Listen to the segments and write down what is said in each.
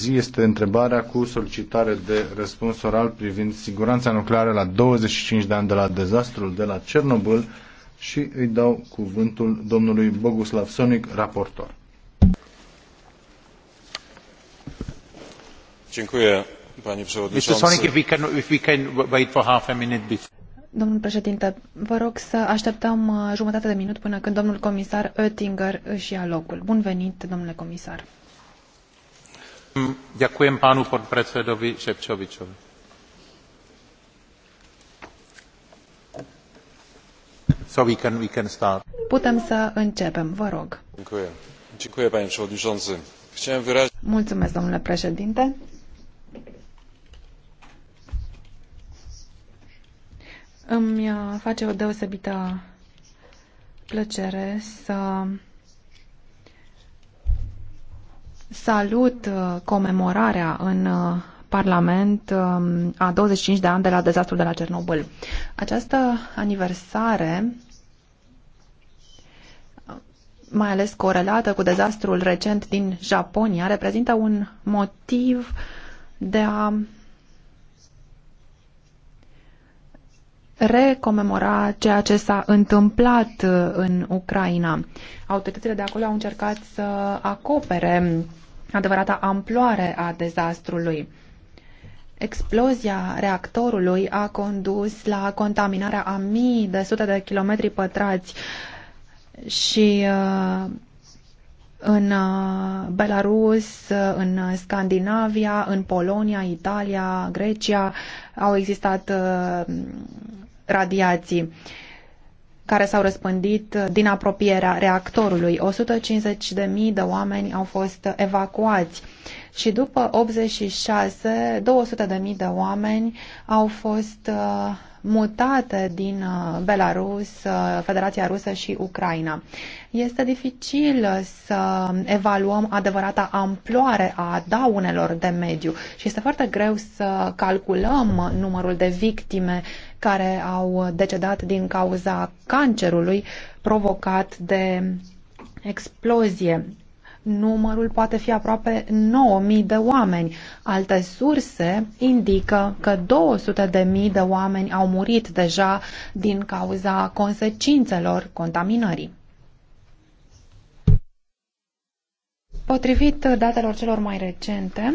zi este întrebarea cu solicitare de răspuns oral privind siguranța nucleară la 25 de ani de la dezastrul de la Cernobâl și îi dau cuvântul domnului Boguslav Sonic, raportor. Domnul președinte, vă rog să așteptăm uh, jumătate de minut până când domnul comisar Oettinger își ia locul. Bun venit, domnule comisar. Ďakujem pánu podpredsedovi Ševčovičovi. Putem să începem, vă rog. Mulțumesc, domnule președinte. Îmi uh, face o deosebită plăcere să Salut uh, comemorarea în uh, Parlament um, a 25 de ani de la dezastrul de la Cernobâl. Această aniversare uh, mai ales corelată cu dezastrul recent din Japonia, reprezintă un motiv de a recomemora ceea ce s-a întâmplat în Ucraina. Autoritățile de acolo au încercat să acopere adevărata amploare a dezastrului. Explozia reactorului a condus la contaminarea a mii de sute de kilometri pătrați și uh, în uh, Belarus, uh, în Scandinavia, în Polonia, Italia, Grecia au existat radiații care s-au răspândit din apropierea reactorului. 150.000 de oameni au fost evacuați și după 86, 200.000 de oameni au fost uh, mutate din uh, Belarus, uh, Federația Rusă și Ucraina. Este dificil să evaluăm adevărata amploare a daunelor de mediu și este foarte greu să calculăm numărul de victime care au decedat din cauza cancerului provocat de explozie. Numărul poate fi aproape 9.000 de oameni. Alte surse indică că 200.000 de oameni au murit deja din cauza consecințelor contaminării. Potrivit datelor celor mai recente,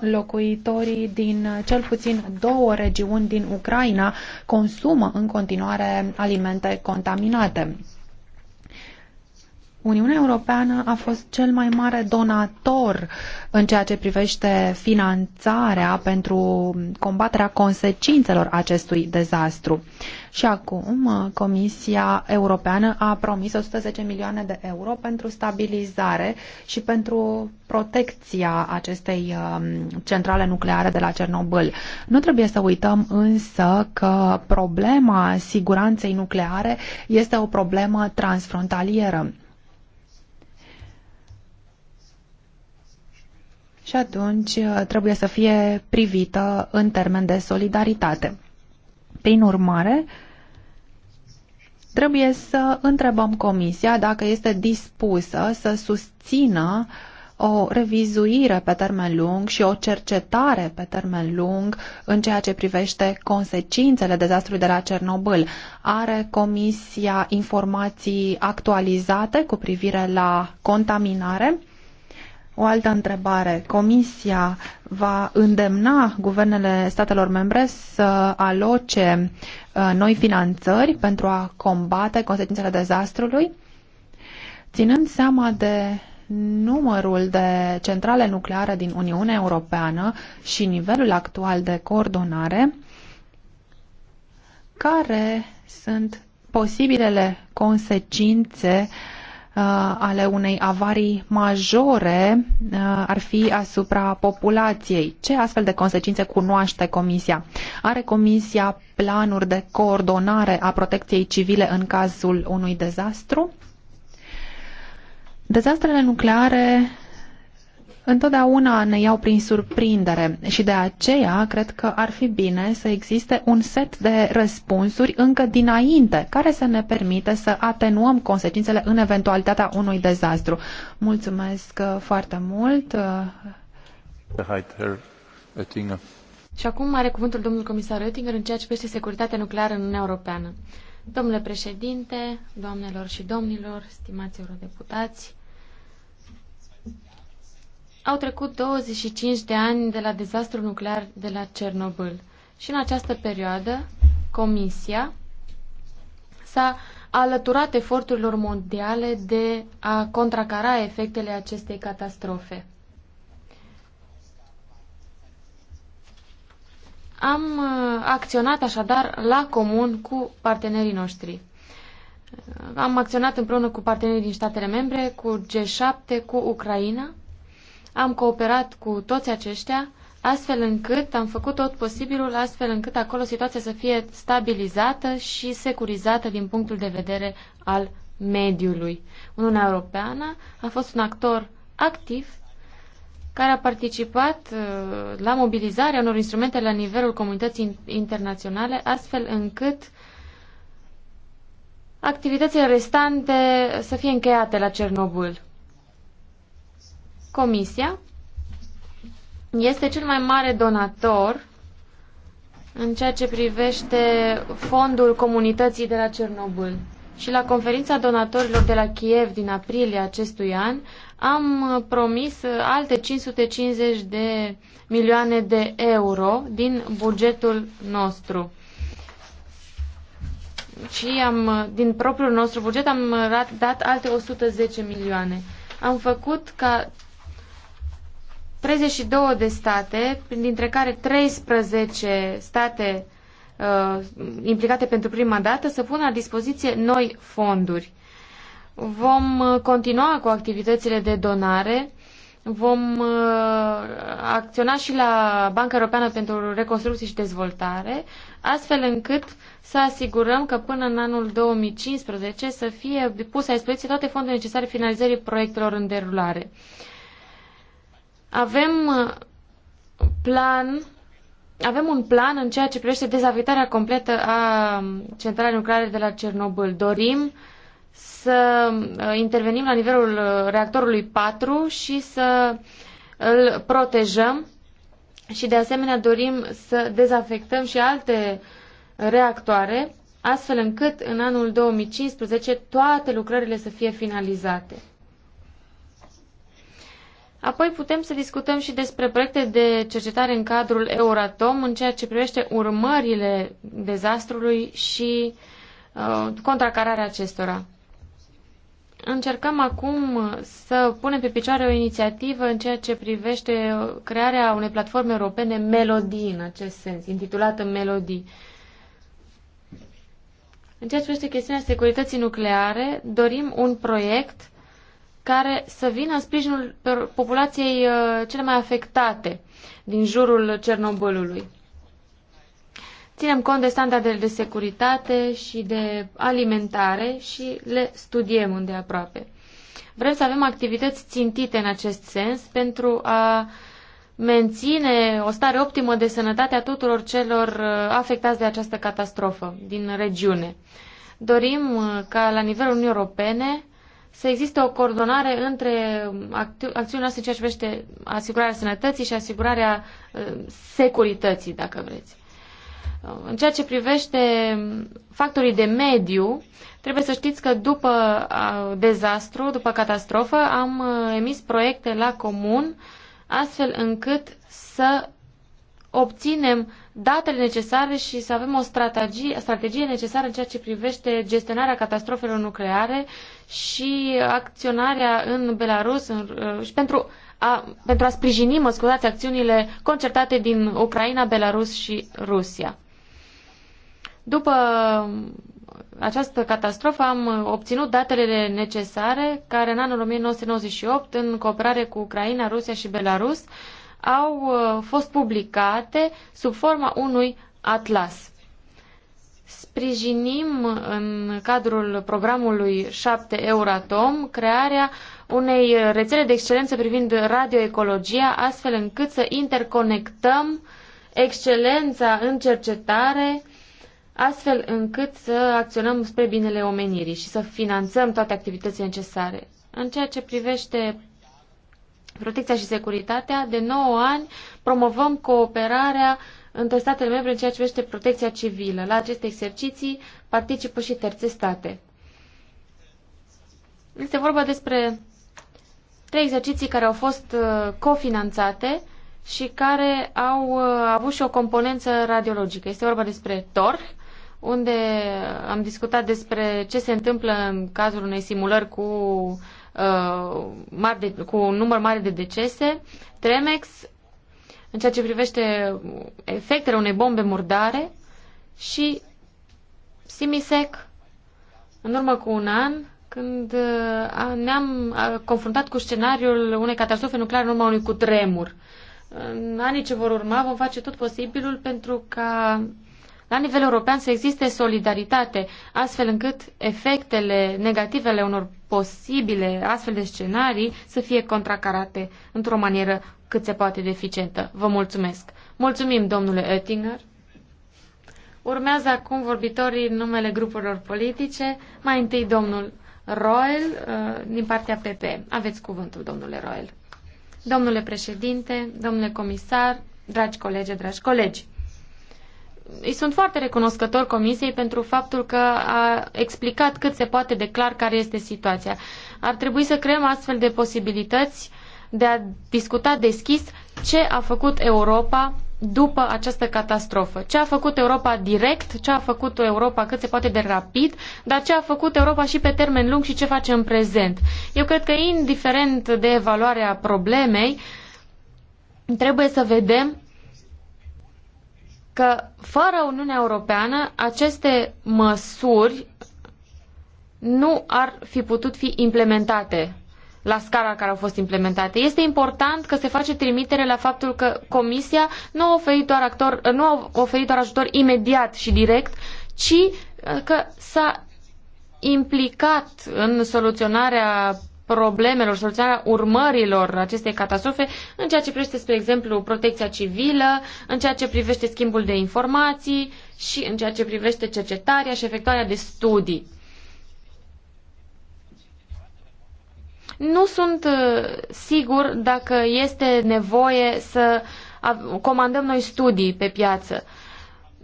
locuitorii din cel puțin două regiuni din Ucraina consumă în continuare alimente contaminate. Uniunea Europeană a fost cel mai mare donator în ceea ce privește finanțarea pentru combaterea consecințelor acestui dezastru. Și acum uh, Comisia Europeană a promis 110 milioane de euro pentru stabilizare și pentru protecția acestei um, centrale nucleare de la Cernobâl. Nu trebuie să uităm însă că problema siguranței nucleare este o problemă transfrontalieră și atunci uh, trebuie să fie privită în termen de solidaritate. Prin urmare, trebuie să întrebăm Comisia dacă este dispusă să susțină o revizuire pe termen lung și o cercetare pe termen lung în ceea ce privește consecințele dezastrului de la Cernobâl. Are Comisia informații actualizate cu privire la contaminare? O altă întrebare. Comisia va îndemna guvernele statelor membre să aloce uh, noi finanțări pentru a combate consecințele dezastrului, ținând seama de numărul de centrale nucleare din Uniunea Europeană și nivelul actual de coordonare, care sunt posibilele consecințe uh, Uh, ale unei avarii majore uh, ar fi asupra populației. Ce astfel de consecințe cunoaște Comisia? Are Comisia planuri de coordonare a protecției civile în cazul unui dezastru? Dezastrele nucleare întotdeauna ne iau prin surprindere și de aceea cred că ar fi bine să existe un set de răspunsuri încă dinainte care să ne permită să atenuăm consecințele în eventualitatea unui dezastru. Mulțumesc uh, foarte mult! Uh, și acum are cuvântul domnul comisar Oettinger în ceea ce privește securitatea nucleară în Uniunea Europeană. Domnule președinte, doamnelor și domnilor, stimați eurodeputați, au trecut 25 de ani de la dezastrul nuclear de la Cernobâl și în această perioadă Comisia s-a alăturat eforturilor mondiale de a contracara efectele acestei catastrofe. Am uh, acționat așadar la comun cu partenerii noștri. Am acționat împreună cu partenerii din statele membre, cu G7, cu Ucraina am cooperat cu toți aceștia, astfel încât am făcut tot posibilul, astfel încât acolo situația să fie stabilizată și securizată din punctul de vedere al mediului. Uniunea Europeană a fost un actor activ care a participat uh, la mobilizarea unor instrumente la nivelul comunității internaționale, astfel încât activitățile restante să fie încheiate la Cernobâl. Comisia este cel mai mare donator în ceea ce privește fondul comunității de la Cernobâl. Și la conferința donatorilor de la Kiev din aprilie acestui an am promis alte 550 de milioane de euro din bugetul nostru. Și am, din propriul nostru buget am dat alte 110 milioane. Am făcut ca 32 de state, dintre care 13 state uh, implicate pentru prima dată, să pună la dispoziție noi fonduri. Vom uh, continua cu activitățile de donare, vom uh, acționa și la Banca Europeană pentru Reconstrucție și Dezvoltare, astfel încât să asigurăm că până în anul 2015 să fie puse la dispoziție toate fondurile necesare finalizării proiectelor în derulare. Uh, avem uh, plan avem un plan în ceea ce privește dezavitarea completă a um, centralei nucleare de la Cernobâl. Dorim să uh, intervenim la nivelul uh, reactorului 4 și să îl protejăm și de asemenea dorim să dezafectăm și alte reactoare, astfel încât în anul 2015 toate lucrările să fie finalizate. Apoi putem să discutăm și despre proiecte de cercetare în cadrul Euratom în ceea ce privește urmările dezastrului și uh, contracararea acestora. Încercăm acum să punem pe picioare o inițiativă în ceea ce privește crearea unei platforme europene melodii în acest sens, intitulată Melodii. În ceea ce privește chestiunea securității nucleare, dorim un proiect care să vină în sprijinul populației uh, cele mai afectate din jurul Cernobâlului. Ținem cont de standardele de securitate și de alimentare și le studiem îndeaproape. Vrem să avem activități țintite în acest sens pentru a menține o stare optimă de sănătate a tuturor celor uh, afectați de această catastrofă din regiune. Dorim uh, ca la nivelul Uniunii Europene să existe o coordonare între acțiunile noastre în ceea ce privește asigurarea sănătății și asigurarea uh, securității, dacă vreți. Uh, în ceea ce privește factorii de mediu, trebuie să știți că după uh, dezastru, după catastrofă, am emis proiecte la comun astfel încât să obținem datele necesare și să avem o strategie, strategie necesară în ceea ce privește gestionarea catastrofelor nucleare și acționarea în Belarus în, uh, și pentru a, pentru a sprijini, mă scuzați, acțiunile concertate din Ucraina, Belarus și Rusia. După această catastrofă am obținut datele necesare care în anul 1998, în cooperare cu Ucraina, Rusia și Belarus, au uh, fost publicate sub forma unui atlas. Sprijinim în cadrul programului 7 Euratom crearea unei rețele de excelență privind radioecologia, astfel încât să interconectăm excelența în cercetare, astfel încât să acționăm spre binele omenirii și să finanțăm toate activitățile necesare. În ceea ce privește protecția și securitatea, de 9 ani promovăm cooperarea între statele membre în ceea ce privește protecția civilă. La aceste exerciții participă și terțe state. Este vorba despre trei exerciții care au fost uh, cofinanțate și care au uh, avut și o componență radiologică. Este vorba despre TOR, unde am discutat despre ce se întâmplă în cazul unei simulări cu Uh, mari de, cu un număr mare de decese. Tremex, în ceea ce privește efectele unei bombe murdare și Simisec, în urmă cu un an, când uh, ne-am confruntat cu scenariul unei catastrofe nucleare în urma unui cutremur. În anii ce vor urma vom face tot posibilul pentru ca la nivel european să existe solidaritate, astfel încât efectele negative ale unor posibile astfel de scenarii să fie contracarate într-o manieră cât se poate de eficientă. Vă mulțumesc! Mulțumim, domnule Oettinger! Urmează acum vorbitorii în numele grupurilor politice. Mai întâi domnul Roel uh, din partea PP. Aveți cuvântul, domnule Roel. Domnule președinte, domnule comisar, dragi colegi, dragi colegi îi sunt foarte recunoscător Comisiei pentru faptul că a explicat cât se poate de clar care este situația. Ar trebui să creăm astfel de posibilități de a discuta deschis ce a făcut Europa după această catastrofă. Ce a făcut Europa direct, ce a făcut Europa cât se poate de rapid, dar ce a făcut Europa și pe termen lung și ce face în prezent. Eu cred că, indiferent de evaluarea problemei, trebuie să vedem că fără Uniunea Europeană aceste măsuri nu ar fi putut fi implementate la scara care au fost implementate. Este important că se face trimitere la faptul că Comisia nu a oferit doar, actor, nu a oferit doar ajutor imediat și direct, ci uh, că s-a implicat în soluționarea problemelor, soluționarea urmărilor acestei catastrofe în ceea ce privește, spre exemplu, protecția civilă, în ceea ce privește schimbul de informații și în ceea ce privește cercetarea și efectuarea de studii. Nu sunt uh, sigur dacă este nevoie să comandăm noi studii pe piață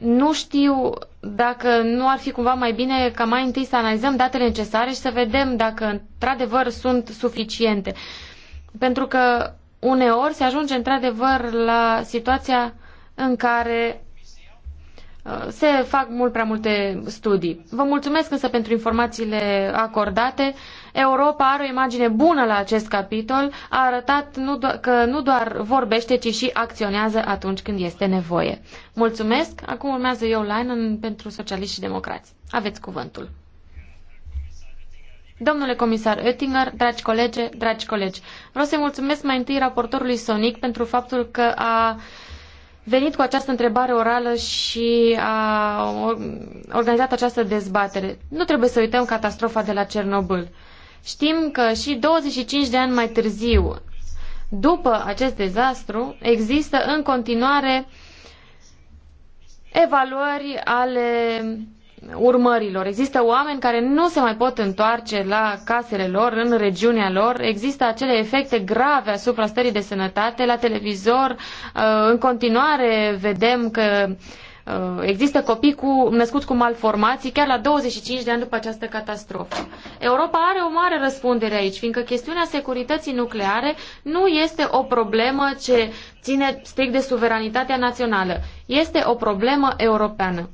nu știu dacă nu ar fi cumva mai bine ca mai întâi să analizăm datele necesare și să vedem dacă într-adevăr sunt suficiente. Pentru că uneori se ajunge într-adevăr la situația în care Uh, se fac mult prea multe studii. Vă mulțumesc însă pentru informațiile acordate. Europa are o imagine bună la acest capitol, a arătat nu că nu doar vorbește, ci și acționează atunci când este nevoie. Mulțumesc. Acum urmează eu, Leinen, pentru socialiști și democrați. Aveți cuvântul. Domnule comisar Oettinger, dragi colegi, dragi colegi, vreau să mulțumesc mai întâi raportorului Sonic pentru faptul că a venit cu această întrebare orală și a organizat această dezbatere. Nu trebuie să uităm catastrofa de la Cernobâl. Știm că și 25 de ani mai târziu, după acest dezastru, există în continuare evaluări ale urmărilor. Există oameni care nu se mai pot întoarce la casele lor, în regiunea lor. Există acele efecte grave asupra stării de sănătate. La televizor, uh, în continuare, vedem că uh, există copii cu, născuți cu malformații chiar la 25 de ani după această catastrofă. Europa are o mare răspundere aici, fiindcă chestiunea securității nucleare nu este o problemă ce ține strict de suveranitatea națională. Este o problemă europeană.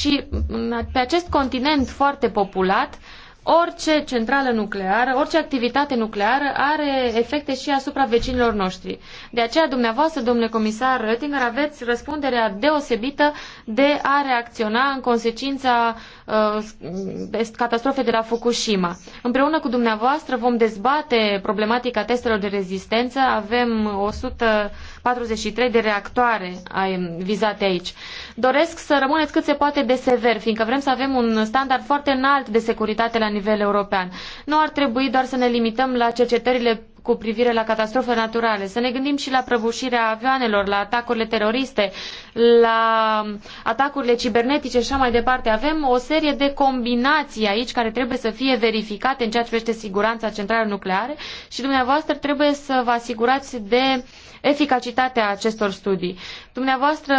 Și mm, pe acest continent foarte populat, orice centrală nucleară, orice activitate nucleară are efecte și asupra vecinilor noștri. De aceea, dumneavoastră, domnule comisar Oettinger, aveți răspunderea deosebită de a reacționa în consecința uh, catastrofe de la Fukushima. Împreună cu dumneavoastră vom dezbate problematica testelor de rezistență. Avem 143 de reactoare vizate aici. Doresc să rămâneți cât se poate de sever, fiindcă vrem să avem un standard foarte înalt de securitate la nivel european. Nu ar trebui doar să ne limităm la cercetările cu privire la catastrofe naturale, să ne gândim și la prăbușirea avioanelor, la atacurile teroriste, la atacurile cibernetice și așa mai departe. Avem o serie de combinații aici care trebuie să fie verificate în ceea ce privește siguranța centrală nucleare și dumneavoastră trebuie să vă asigurați de uh, eficacitatea acestor studii. Dumneavoastră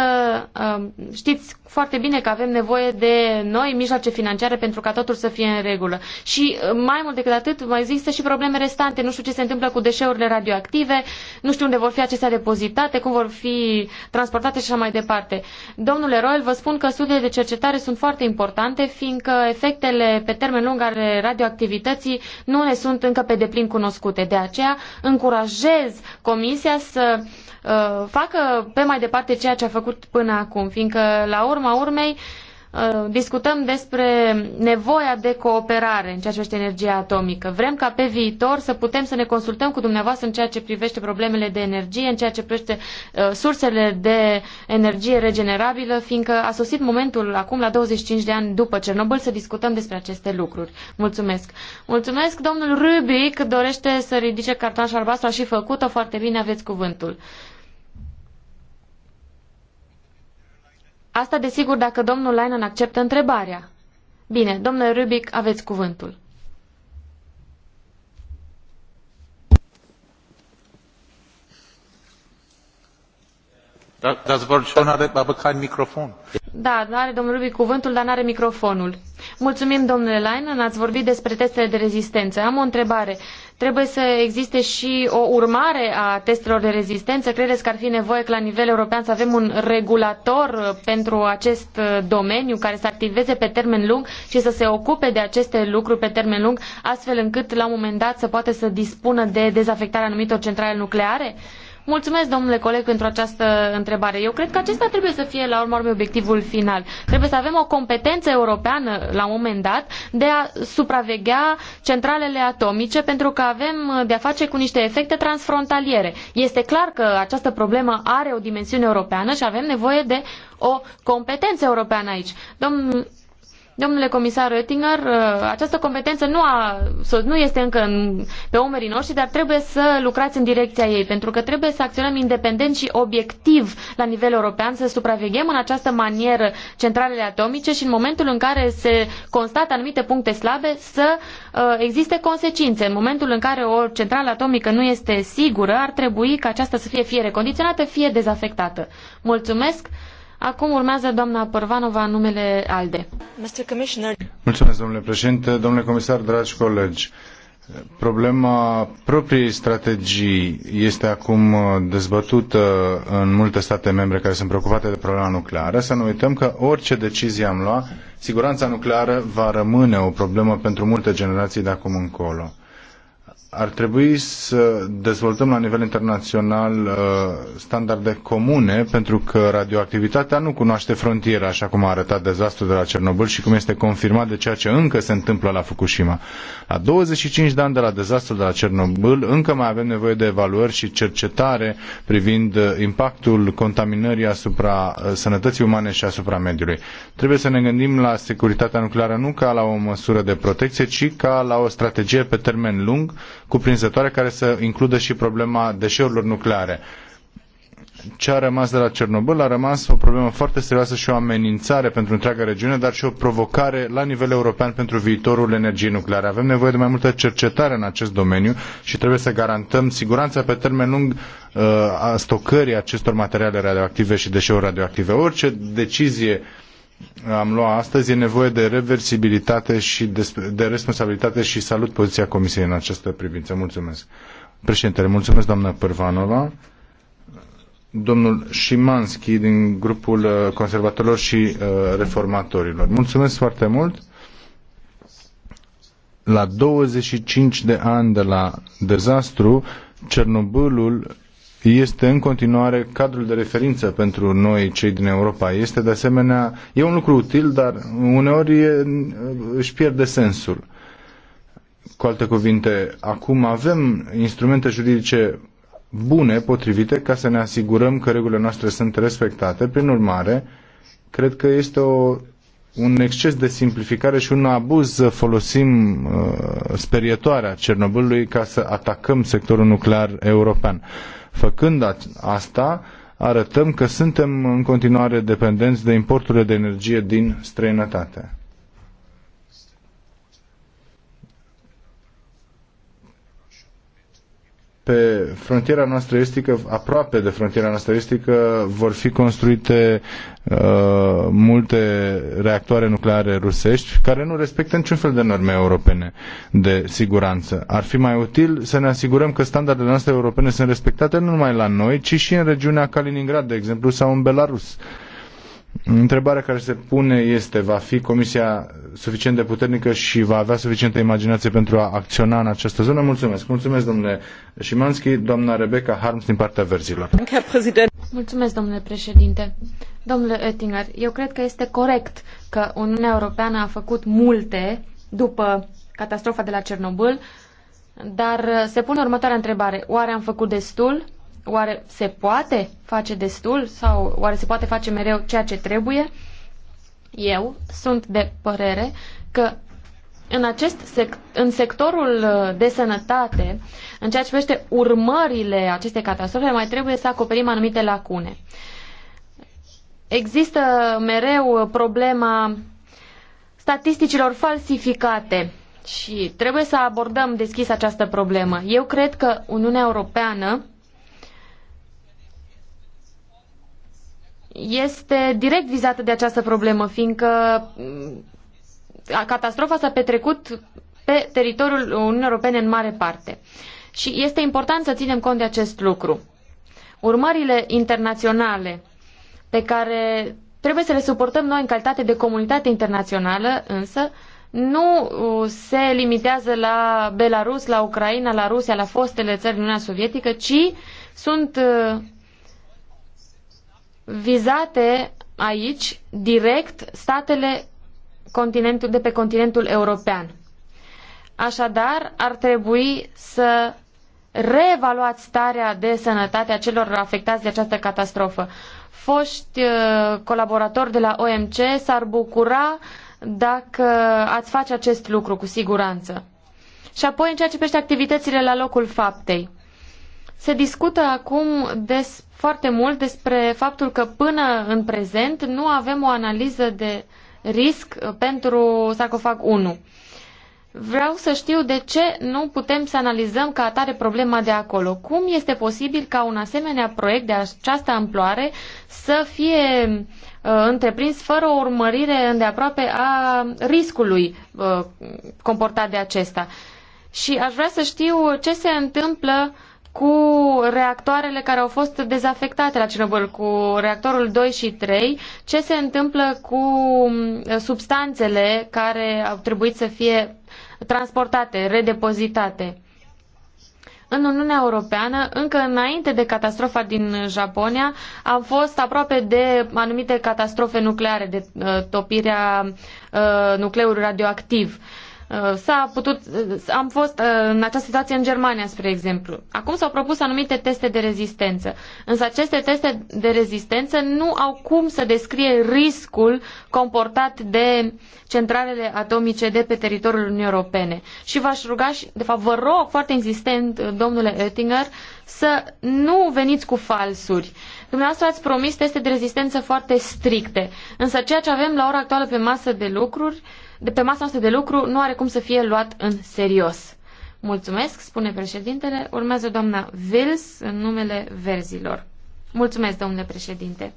um, știți foarte bine că avem nevoie de noi mijloace financiare pentru ca totul să fie în regulă. Și uh, mai mult decât atât, mai există și probleme restante. Nu știu ce se întâmplă cu deșeurile radioactive, nu știu unde vor fi acestea depozitate, cum vor fi transportate și așa mai departe. Domnule Royal, vă spun că studiile de cercetare sunt foarte importante, fiindcă efectele pe termen lung ale radioactivității nu ne sunt încă pe deplin cunoscute. De aceea încurajez Comisia să să uh, facă pe mai departe ceea ce a făcut până acum, fiindcă la urma urmei Uh, discutăm despre nevoia de cooperare în ceea ce privește energia atomică. Vrem ca pe viitor să putem să ne consultăm cu dumneavoastră în ceea ce privește problemele de energie, în ceea ce privește uh, sursele de energie regenerabilă, fiindcă a sosit momentul acum, la 25 de ani după Cernobâl, să discutăm despre aceste lucruri. Mulțumesc! Mulțumesc, domnul Rubic dorește să ridice cartonașul albastru, a și făcut-o foarte bine, aveți cuvântul. Asta, desigur, dacă domnul Leinen acceptă întrebarea. Bine, domnule Rubic, aveți cuvântul. Da, are domnul Rubic cuvântul, dar nu are microfonul. Mulțumim, domnule Leinen, ați vorbit despre testele de rezistență. Am o întrebare. Trebuie să existe și o urmare a testelor de rezistență? Credeți că ar fi nevoie că la nivel european să avem un regulator pentru acest uh, domeniu care să activeze pe termen lung și să se ocupe de aceste lucruri pe termen lung, astfel încât la un moment dat să poată să dispună de dezafectarea anumitor centrale nucleare? Uh, Mulțumesc, domnule coleg, pentru această întrebare. Eu cred că acesta trebuie să fie, la urmă, obiectivul final. Trebuie să avem o competență europeană, la un moment dat, de a supraveghea centralele atomice, pentru că avem de-a face cu niște efecte transfrontaliere. Este clar că această problemă are o dimensiune europeană și avem nevoie de o competență europeană aici. Domnul Domnule comisar Oettinger, uh, această competență nu, a, nu este încă în, pe umerii noștri, dar trebuie să lucrați în direcția ei, pentru că trebuie să acționăm independent și obiectiv la nivel european, să supraveghem în această manieră centralele atomice și în momentul în care se constată anumite puncte slabe să uh, existe consecințe. În momentul în care o centrală atomică nu este sigură, ar trebui ca aceasta să fie fie recondiționată, fie dezafectată. Mulțumesc! Acum urmează doamna Părvanova în numele ALDE. Mulțumesc, domnule președinte, domnule comisar, dragi colegi. Problema propriei strategii este acum uh, dezbătută în multe state membre care sunt preocupate de problema nucleară. Să nu uităm că orice decizie am luat, siguranța nucleară va rămâne o problemă pentru multe generații de acum încolo ar trebui să dezvoltăm la nivel internațional uh, standarde comune, pentru că radioactivitatea nu cunoaște frontiere, așa cum a arătat dezastrul de la Cernobâl și cum este confirmat de ceea ce încă se întâmplă la Fukushima. La 25 de ani de la dezastrul de la Cernobâl, încă mai avem nevoie de evaluări și cercetare privind uh, impactul contaminării asupra uh, sănătății umane și asupra mediului. Trebuie să ne gândim la securitatea nucleară nu ca la o măsură de protecție, ci ca la o strategie pe termen lung cuprinzătoare care să includă și problema deșeurilor nucleare. Ce a rămas de la Cernobâl a rămas o problemă foarte serioasă și o amenințare pentru întreaga regiune, dar și o provocare la nivel european pentru viitorul energiei nucleare. Avem nevoie de mai multă cercetare în acest domeniu și trebuie să garantăm siguranța pe termen lung uh, a stocării acestor materiale radioactive și deșeuri radioactive. Orice decizie am luat astăzi, e nevoie de reversibilitate și de, de responsabilitate și salut poziția Comisiei în această privință. Mulțumesc. Președintele, mulțumesc doamna Pârvanova. Domnul Șimanski din grupul uh, conservatorilor și uh, reformatorilor. Mulțumesc foarte mult. La 25 de ani de la dezastru, Cernobâlul este în continuare cadrul de referință pentru noi, cei din Europa. Este de asemenea, e un lucru util, dar uneori e, își pierde sensul. Cu alte cuvinte, acum avem instrumente juridice bune, potrivite, ca să ne asigurăm că regulile noastre sunt respectate. Prin urmare, cred că este o, un exces de simplificare și un abuz să folosim uh, sperietoarea Cernobâlului ca să atacăm sectorul nuclear european. Uh, Făcând asta, arătăm că suntem în continuare dependenți de importurile de energie din străinătate. pe frontiera noastră estică, aproape de frontiera noastră estică, vor fi construite uh, multe reactoare nucleare rusești care nu respectă niciun fel de norme europene de siguranță. Ar fi mai util să ne asigurăm că standardele noastre europene sunt respectate nu numai la noi, ci și în regiunea Kaliningrad, de exemplu, sau în Belarus. Uh, Întrebarea care se pune este, va fi Comisia suficient de puternică și va avea suficientă imaginație pentru a acționa în această zonă? Mulțumesc. Mulțumesc, domnule Șimanski. Doamna Rebecca Harms din partea verzilor. Mulțumesc, domnule președinte. Domnule Oettinger, eu cred că este corect că Uniunea Europeană a făcut multe după catastrofa de la Cernobâl, dar se pune următoarea întrebare. Oare am făcut destul? Oare se poate face destul sau oare se poate face mereu ceea ce trebuie? Eu sunt de părere că în, acest sec- în sectorul uh, de sănătate, în ceea ce privește urmările acestei catastrofe, mai trebuie să acoperim anumite lacune. Există mereu problema statisticilor falsificate și trebuie să abordăm deschis această problemă. Eu cred că Uniunea Europeană este direct vizată de această problemă, fiindcă mm, catastrofa s-a petrecut pe teritoriul Uniunii Europene în mare parte. Și este important să ținem cont de acest lucru. Urmările internaționale pe care trebuie să le suportăm noi în calitate de comunitate internațională, însă, nu uh, se limitează la Belarus, la Ucraina, la Rusia, la fostele țări din Uniunea Sovietică, ci sunt uh, vizate aici direct statele continentul, de pe continentul european. Așadar, ar trebui să reevaluați starea de sănătate a celor afectați de această catastrofă. Foști uh, colaboratori de la OMC s-ar bucura dacă ați face acest lucru cu siguranță. Și apoi, în ceea ce privește activitățile la locul faptei. Se discută acum despre foarte mult despre faptul că până în prezent nu avem o analiză de risc pentru sarcofag 1. Vreau să știu de ce nu putem să analizăm ca atare problema de acolo. Cum este posibil ca un asemenea proiect de această amploare să fie uh, întreprins fără o urmărire îndeaproape a riscului uh, comportat de acesta? Și aș vrea să știu ce se întâmplă uh, cu reactoarele care au fost dezafectate la Cernobâl, cu reactorul 2 și 3, ce se întâmplă cu mm, substanțele care au trebuit să fie transportate, redepozitate. În Uniunea Europeană, încă înainte de catastrofa din Japonia, am fost aproape de anumite catastrofe nucleare, de uh, topirea uh, nucleului radioactiv. Uh, Uh, s-a putut, uh, am fost uh, în această situație în Germania, spre exemplu. Acum s-au propus anumite teste de rezistență, însă aceste teste de rezistență nu au cum să descrie riscul comportat de centralele atomice de pe teritoriul Uniunii Europene. Și v-aș ruga, și, de fapt vă rog foarte insistent, domnule Oettinger, să nu veniți cu falsuri. Dumneavoastră ați promis teste de rezistență foarte stricte, însă ceea ce avem la ora actuală pe masă de lucruri uh, de pe masa noastră de lucru nu are cum să fie luat în serios. Mulțumesc, spune președintele. Urmează doamna Vils în numele verzilor. Mulțumesc, domnule președinte.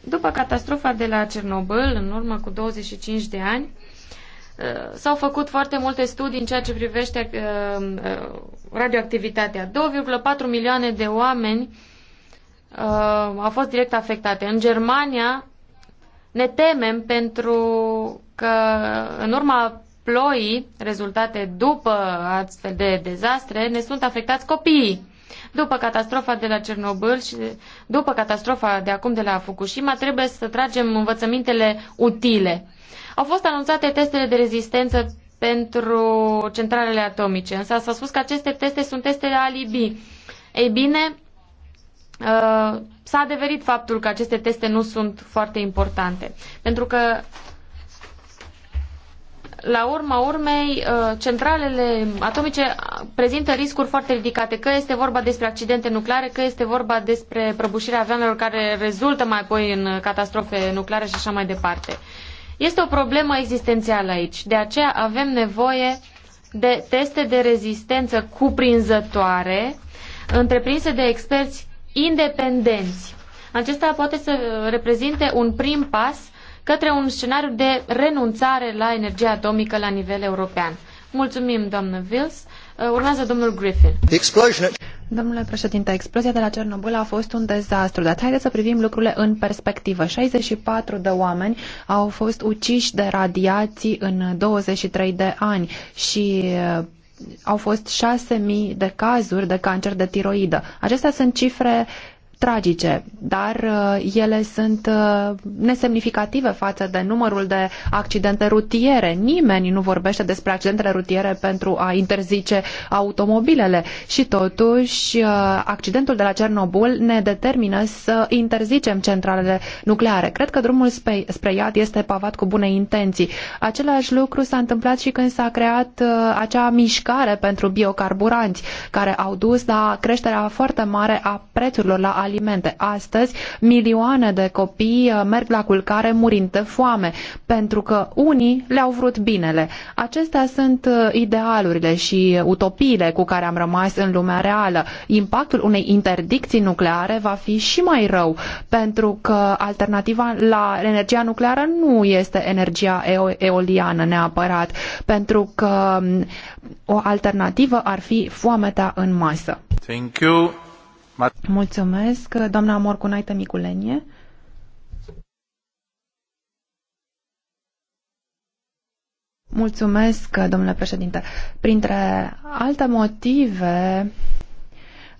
După catastrofa de la Cernobâl, în urmă cu 25 de ani, uh, s-au făcut foarte multe studii în ceea ce privește uh, uh, radioactivitatea. 2,4 milioane de oameni au fost direct afectate. În Germania, ne temem pentru că în urma ploii rezultate după astfel de dezastre ne sunt afectați copiii. După catastrofa de la Cernobâl și după catastrofa de acum de la Fukushima trebuie să tragem învățămintele utile. Au fost anunțate testele de rezistență pentru centralele atomice, însă s-a spus că aceste teste sunt teste de alibi. Ei bine, Uh, s-a adeverit faptul că aceste teste nu sunt foarte importante. Pentru că, la urma urmei, uh, centralele atomice prezintă riscuri foarte ridicate, că este vorba despre accidente nucleare, că este vorba despre prăbușirea avionelor care rezultă mai apoi în catastrofe nucleare și așa mai departe. Este o problemă existențială aici, de aceea avem nevoie de teste de rezistență cuprinzătoare întreprinse de experți independenți. Acesta poate să reprezinte un prim pas către un scenariu de renunțare la energia atomică la nivel european. Mulțumim, doamnă Vils. Uh, urmează domnul Griffin. Domnule președinte, explozia de la Cernobâl a fost un dezastru, dar haideți să privim lucrurile în perspectivă. 64 de oameni au fost uciși de radiații în 23 de ani și uh, au fost 6.000 de cazuri de cancer de tiroidă. Acestea sunt cifre tragice, dar uh, ele sunt uh, nesemnificative față de numărul de accidente rutiere. Nimeni nu vorbește despre accidentele rutiere pentru a interzice automobilele și totuși uh, accidentul de la Cernobâl ne determină să interzicem centralele nucleare. Cred că drumul spre, spre iad este pavat cu bune intenții. Același lucru s-a întâmplat și când s-a creat acea mișcare pentru biocarburanți care au dus la creșterea foarte mare a prețurilor la alimente. Astăzi, milioane de copii uh, merg la culcare murind de foame, pentru că unii le-au vrut binele. Acestea sunt uh, idealurile și utopiile cu care am rămas în lumea reală. Impactul unei interdicții nucleare va fi și mai rău, pentru că alternativa la energia nucleară nu este energia eoliană neapărat, pentru că um, o alternativă ar fi foamea în masă. Thank you. Mulțumesc, doamna Morcunaită Miculenie. Mulțumesc, domnule președinte. Printre alte motive,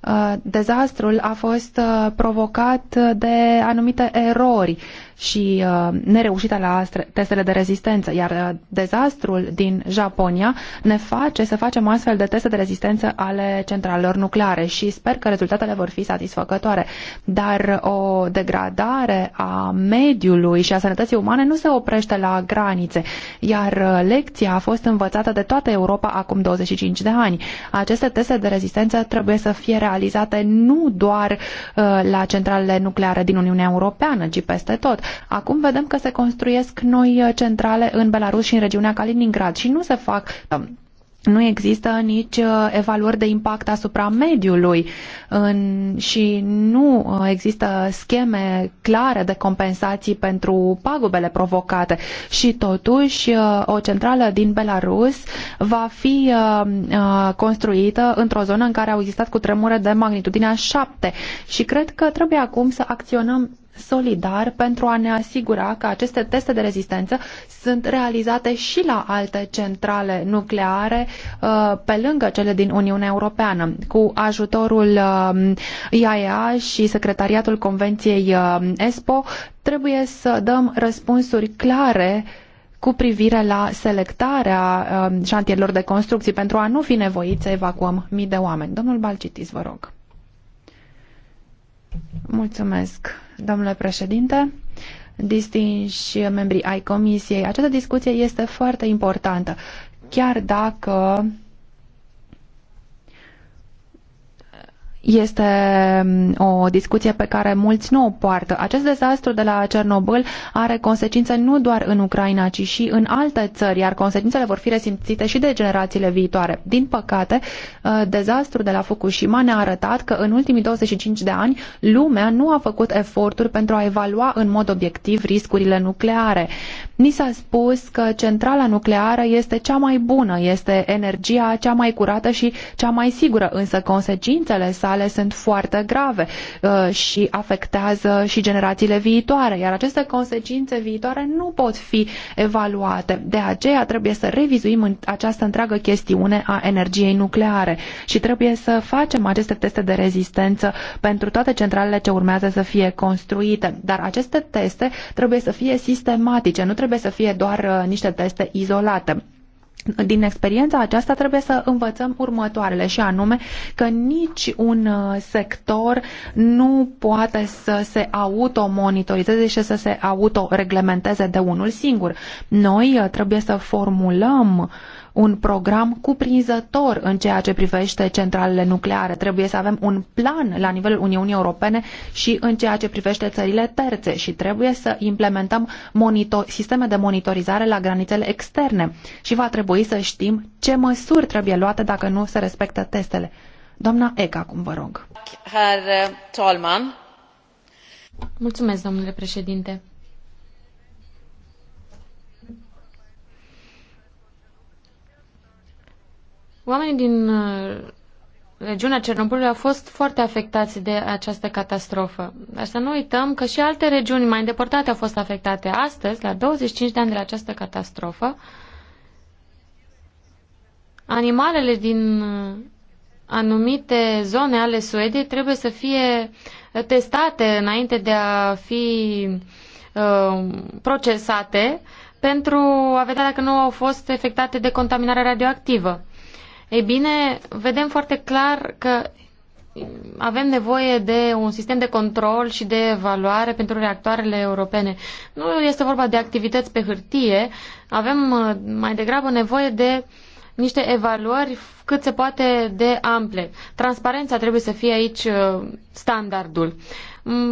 uh, dezastrul a fost uh, provocat de anumite erori și uh, nereușita la testele de rezistență, iar uh, dezastrul din Japonia ne face să facem astfel de teste de rezistență ale centralelor nucleare și sper că rezultatele vor fi satisfăcătoare. Dar o degradare a mediului și a sănătății umane nu se oprește la granițe, iar uh, lecția a fost învățată de toată Europa acum 25 de ani. Aceste teste de rezistență trebuie să fie realizate nu doar uh, la centralele nucleare din Uniunea Europeană, ci peste tot. Acum vedem că se construiesc noi uh, centrale în Belarus și în regiunea Kaliningrad și nu se fac um, nu există nici uh, evaluări de impact asupra mediului în, și nu uh, există scheme clare de compensații pentru pagubele provocate. Și totuși, o centrală din Belarus va fi construită într-o zonă în care au existat tremură de magnitudinea 7 și cred că trebuie acum să acționăm solidar pentru a ne asigura că aceste teste de rezistență sunt realizate și la alte centrale nucleare uh, pe lângă cele din Uniunea Europeană. Cu ajutorul uh, IAEA și Secretariatul Convenției uh, ESPO trebuie să dăm răspunsuri clare cu privire la selectarea șantierilor de construcții pentru a nu fi nevoiți să evacuăm mii de oameni. Domnul Balcitis, vă rog. Mulțumesc, domnule președinte distinși membrii ai comisiei. Această discuție este foarte importantă, chiar dacă este mm, o discuție pe care mulți nu o poartă. Acest dezastru de la Cernobâl are consecințe nu doar în Ucraina, ci și în alte țări, iar consecințele vor fi resimțite și de generațiile viitoare. Din păcate, uh, dezastrul de la Fukushima ne-a arătat că în ultimii 25 de ani lumea nu a făcut eforturi pentru a evalua în mod obiectiv riscurile nucleare. Ni s-a spus că centrala nucleară este cea mai bună, este energia cea mai curată și cea mai sigură, însă consecințele sale sociale sunt foarte grave uh, și afectează și generațiile viitoare, iar aceste consecințe viitoare nu pot fi evaluate. De aceea trebuie să revizuim această întreagă chestiune a energiei nucleare și trebuie să facem aceste teste de rezistență pentru toate centralele ce urmează să fie construite. Dar aceste teste trebuie să fie sistematice, nu trebuie să fie doar uh, niște teste izolate din experiența aceasta trebuie să învățăm următoarele și anume că nici un uh, sector nu poate să se automonitorizeze și să se autoreglementeze de unul singur. Noi uh, trebuie să formulăm uh, un program cuprinzător în ceea ce privește centralele nucleare. Trebuie să avem un plan la nivelul Uniunii Europene și în ceea ce privește țările terțe și trebuie să implementăm sisteme de monitorizare la granițele externe și va trebui să știm ce măsuri trebuie luate dacă nu se respectă testele. Doamna Eca, acum vă rog. Herr eh, Talman. Mulțumesc, domnule președinte. Oamenii din uh, regiunea Cernobâlului au fost foarte afectați de această catastrofă. Dar să nu uităm că și alte regiuni mai îndepărtate au fost afectate. Astăzi, la 25 de ani de la această catastrofă, animalele din uh, anumite zone ale Suediei trebuie să fie uh, testate înainte de a fi uh, procesate pentru a vedea dacă nu au fost afectate de contaminarea radioactivă. Ei bine, vedem foarte clar că avem nevoie de un sistem de control și de evaluare pentru reactoarele europene. Nu este vorba de activități pe hârtie, avem uh, mai degrabă nevoie de niște evaluări cât se poate de ample. Transparența trebuie să fie aici uh, standardul.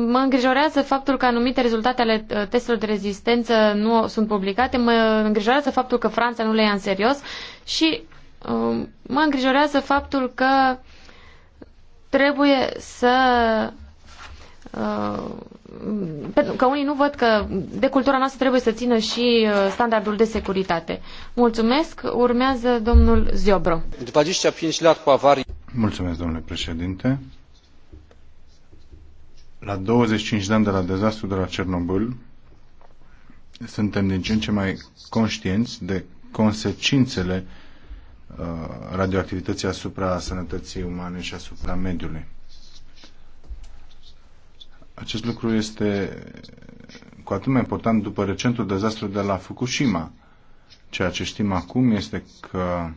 Mă îngrijorează faptul că anumite rezultate ale uh, testelor de rezistență nu sunt publicate, mă îngrijorează faptul că Franța nu le ia în serios și Um, mă îngrijorează faptul că trebuie să uh, pentru că unii nu văd că de cultura noastră trebuie să țină și uh, standardul de securitate. Mulțumesc. Urmează domnul Ziobro. 25 lat cu avarii. Mulțumesc, domnule președinte. La 25 de ani de la dezastru de la Cernobâl, suntem din ce în ce mai conștienți de consecințele Uh, radioactivității asupra sănătății umane și asupra mediului. Acest lucru este cu atât mai important după recentul dezastru de la Fukushima. Ceea ce știm acum este că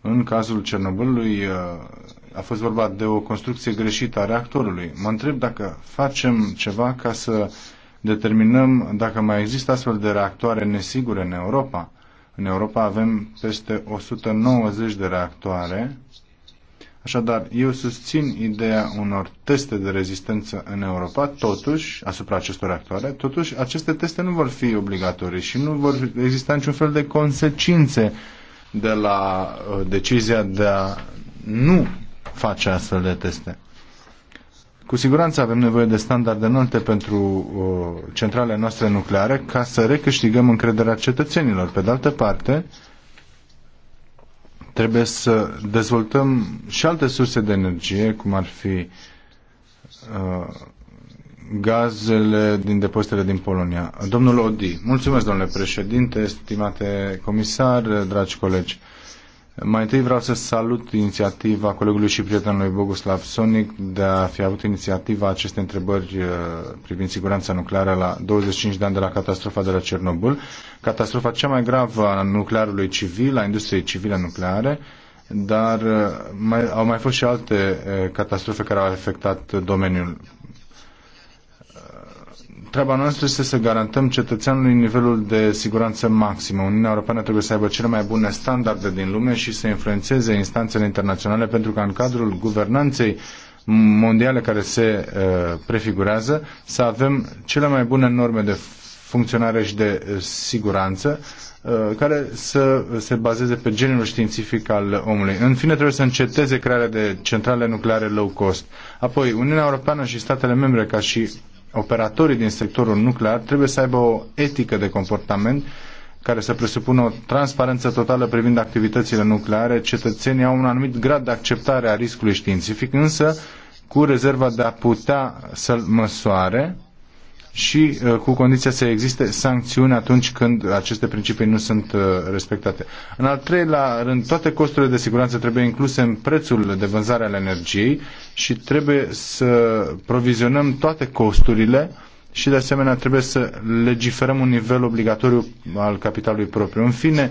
în cazul Cernobâlului uh, a fost vorba de o construcție greșită a reactorului. Mă întreb dacă facem ceva ca să determinăm dacă mai există astfel de reactoare nesigure în Europa în Europa avem peste 190 de reactoare, așadar eu susțin ideea unor teste de rezistență în Europa, totuși, asupra acestor reactoare, totuși aceste teste nu vor fi obligatorii și nu vor exista niciun fel de consecințe de la uh, decizia de a nu face astfel de teste. Cu siguranță avem nevoie de standarde înalte pentru uh, centralele noastre nucleare ca să recâștigăm încrederea cetățenilor. Pe de altă parte, trebuie să dezvoltăm și alte surse de energie, cum ar fi uh, gazele din depozitele din Polonia. Domnul Odi, mulțumesc, domnule președinte, stimate comisar, dragi colegi. Mai întâi vreau să salut inițiativa colegului și prietenului Boguslav Sonic de a fi avut inițiativa acestei întrebări uh, privind siguranța nucleară la 25 de ani de la catastrofa de la Cernobâl, catastrofa cea mai gravă a nuclearului civil, a industriei civile nucleare, dar uh, mai, au mai fost și alte uh, catastrofe care au afectat domeniul treaba noastră este să garantăm cetățeanului nivelul de siguranță maximă. Uniunea Europeană trebuie să aibă cele mai bune standarde din lume și să influențeze instanțele internaționale pentru că în cadrul guvernanței mondiale care se uh, prefigurează să avem cele mai bune norme de funcționare și de uh, siguranță uh, care să se bazeze pe genul științific al omului. În fine, trebuie să înceteze crearea de centrale nucleare low cost. Apoi, Uniunea Europeană și statele membre, ca și operatorii din sectorul nuclear trebuie să aibă o etică de comportament care să presupună o transparență totală privind activitățile nucleare. Cetățenii au un anumit grad de acceptare a riscului științific, însă cu rezerva de a putea să-l măsoare și uh, cu condiția să existe sancțiuni atunci când aceste principii nu sunt uh, respectate. În al treilea rând, toate costurile de siguranță trebuie incluse în prețul de vânzare al energiei și trebuie să provizionăm toate costurile și de asemenea trebuie să legiferăm un nivel obligatoriu al capitalului propriu. În fine,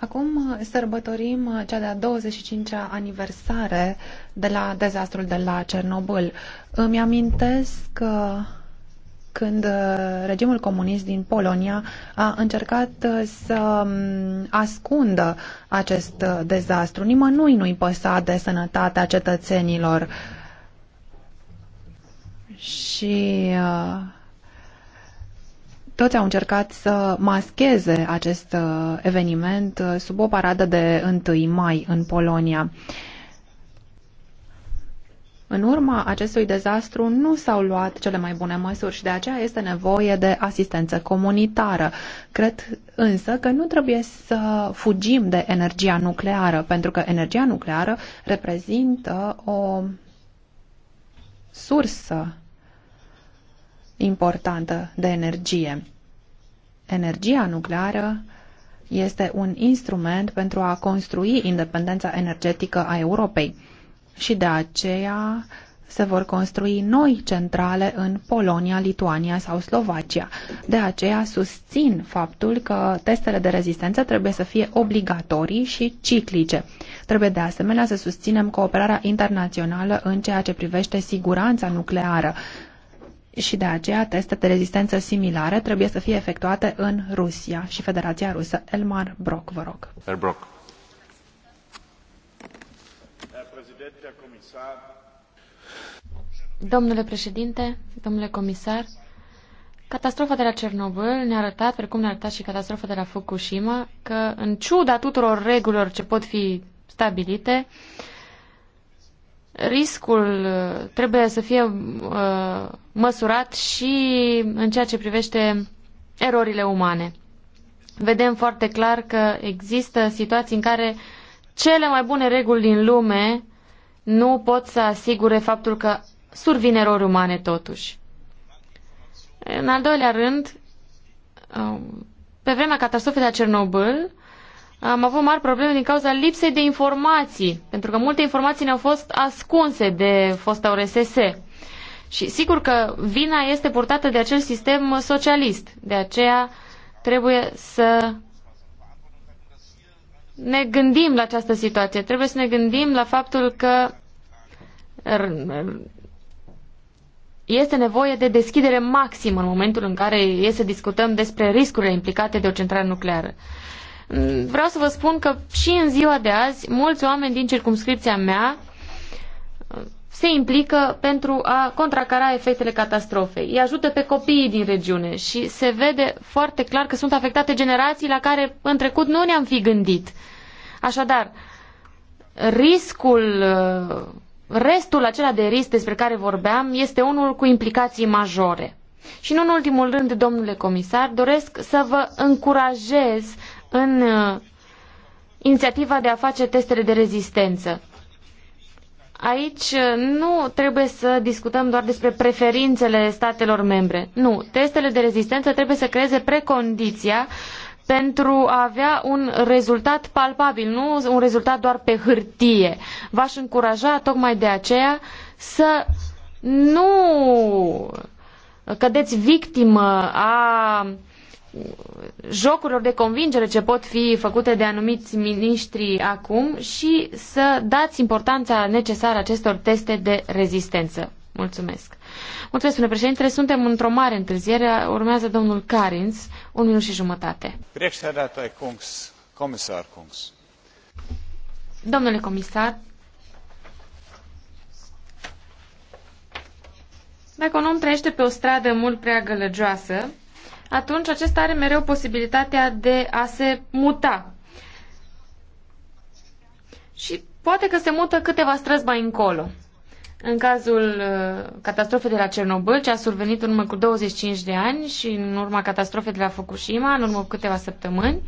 Acum uh, sărbătorim uh, cea de-a 25-a aniversare de la dezastrul de la Cernobâl. Îmi amintesc că uh, când regimul comunist din Polonia a încercat să um, ascundă acest dezastru. Nimănui nu-i păsa de sănătatea cetățenilor. Și uh, toți au încercat să mascheze acest uh, eveniment uh, sub o paradă de 1 mai în Polonia. În urma acestui dezastru nu s-au luat cele mai bune măsuri și de aceea este nevoie de asistență comunitară. Cred însă că nu trebuie să fugim de energia nucleară, pentru că energia nucleară reprezintă o sursă importantă de energie. Energia nucleară este un instrument pentru a construi independența energetică a Europei și de aceea se vor construi noi centrale în Polonia, Lituania sau Slovacia. De aceea susțin faptul că testele de rezistență trebuie să fie obligatorii și ciclice. Trebuie de asemenea să susținem cooperarea internațională în ceea ce privește siguranța nucleară și de aceea teste de rezistență similare trebuie să fie efectuate în Rusia și Federația Rusă. Elmar Brock, vă rog. Brock. Domnule președinte, domnule comisar, catastrofa de la Cernobâl ne-a arătat, precum ne-a arătat și catastrofa de la Fukushima, că în ciuda tuturor regulilor ce pot fi stabilite, uh, riscul uh, trebuie să fie uh, măsurat și în ceea ce privește erorile umane. Vedem foarte clar că există situații în care cele mai bune reguli din lume nu pot să asigure faptul că survin erori umane totuși. În al doilea rând, um, pe vremea catastrofei de la Cernobâl, am avut mari probleme din cauza lipsei de informații, pentru că multe informații ne-au fost ascunse de fosta RSS. Și sigur că vina este purtată de acel sistem socialist. De aceea trebuie să ne gândim la această situație. Trebuie să ne gândim la faptul că este nevoie de deschidere maximă în momentul în care e să discutăm despre riscurile implicate de o centrală nucleară. Vreau să vă spun că și în ziua de azi, mulți oameni din circumscripția mea se implică pentru a contracara efectele catastrofei. Îi ajută pe copiii din regiune și se vede foarte clar că sunt afectate generații la care în trecut nu ne-am fi gândit. Așadar, riscul, restul acela de risc despre care vorbeam este unul cu implicații majore. Și nu în ultimul rând, domnule comisar, doresc să vă încurajez în uh, inițiativa de a face testele de rezistență. Aici uh, nu trebuie să discutăm doar despre preferințele statelor membre. Nu, testele de rezistență trebuie să creeze precondiția pentru a avea un rezultat palpabil, nu un rezultat doar pe hârtie. V-aș încuraja tocmai de aceea să nu cădeți victimă a jocurilor de convingere ce pot fi făcute de anumiți miniștri acum și să dați importanța necesară acestor teste de rezistență. Mulțumesc. Mulțumesc, domnule președinte. Suntem într-o mare întârziere. Urmează domnul Carins, un minut și jumătate. Comisar Kungs. Domnule comisar, dacă un om trăiește pe o stradă mult prea gălăgioasă, atunci acesta are mereu posibilitatea de a se muta. Și poate că se mută câteva străzi mai încolo. În cazul uh, catastrofei de la Cernobâl, ce a survenit în urmă cu 25 de ani și în urma catastrofei de la Fukushima, în urmă cu câteva săptămâni,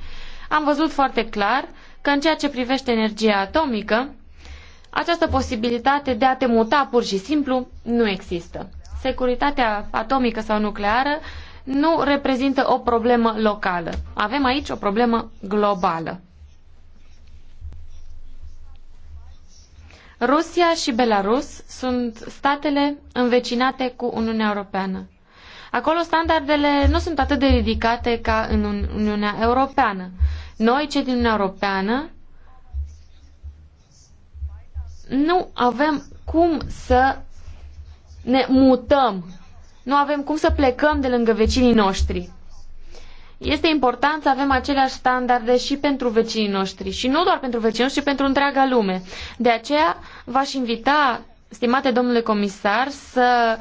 am văzut foarte clar că în ceea ce privește energia atomică, această posibilitate de a te muta pur și simplu nu există. Securitatea atomică sau nucleară nu reprezintă o problemă locală. Avem aici o problemă globală. Rusia și Belarus sunt statele învecinate cu Uniunea Europeană. Acolo standardele nu sunt atât de ridicate ca în Uniunea Europeană. Noi, cei din Uniunea Europeană, nu avem cum să ne mutăm nu avem cum să plecăm de lângă vecinii noștri. Este important să avem aceleași standarde și pentru vecinii noștri și nu doar pentru vecinii noștri, ci pentru întreaga lume. De aceea v-aș invita, stimate domnule comisar, să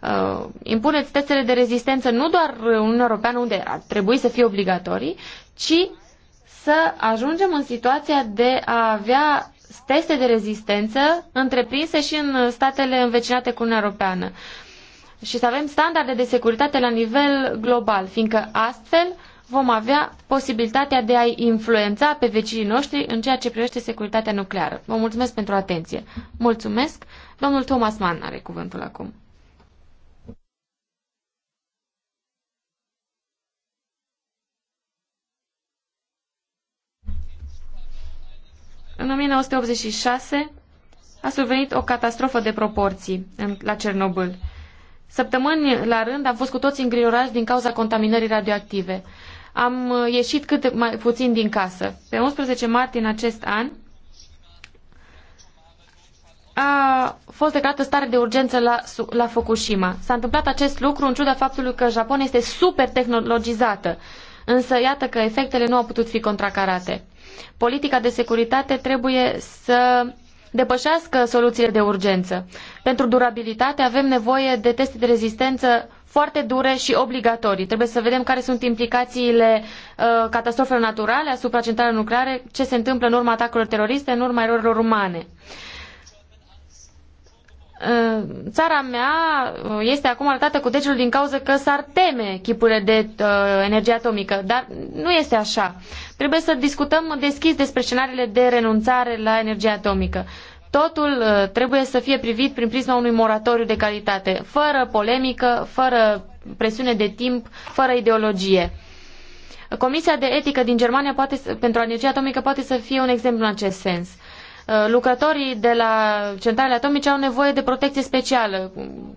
uh, impuneți testele de rezistență nu doar în Uniunea Europeană, unde ar trebui să fie obligatorii, ci să ajungem în situația de a avea teste de rezistență întreprinse și în statele învecinate cu Uniunea Europeană și să avem standarde de securitate la nivel global, fiindcă astfel vom avea posibilitatea de a-i influența pe vecinii noștri în ceea ce privește securitatea nucleară. Vă mulțumesc pentru atenție. Mulțumesc. Domnul Thomas Mann are cuvântul acum. În 1986 a survenit o catastrofă de proporții la Cernobâl. Săptămâni la rând am fost cu toți îngrijorați din cauza contaminării radioactive. Am uh, ieșit cât mai puțin din casă. Pe 11 martie în acest an a fost declarată stare de urgență la, la Fukushima. S-a întâmplat acest lucru în ciuda faptului că Japonia este super tehnologizată. Însă iată că efectele nu au putut fi contracarate. Politica de securitate trebuie să depășească soluțiile de urgență. Pentru durabilitate avem nevoie de teste de rezistență foarte dure și obligatorii. Trebuie să vedem care sunt implicațiile uh, catastrofelor naturale asupra centralelor nucleare, ce se întâmplă în urma atacurilor teroriste, în urma erorilor umane. Uh, țara mea uh, este acum arătată cu degetul din cauza că s-ar teme chipurile de uh, energie atomică, dar nu este așa. Trebuie să discutăm deschis despre scenariile de renunțare la energie atomică. Totul uh, trebuie să fie privit prin prisma unui moratoriu de calitate, fără polemică, fără presiune de timp, fără ideologie. Comisia de etică din Germania poate, pentru energie atomică poate să fie un exemplu în acest sens. Uh, lucrătorii de la centrale atomice au nevoie de protecție specială.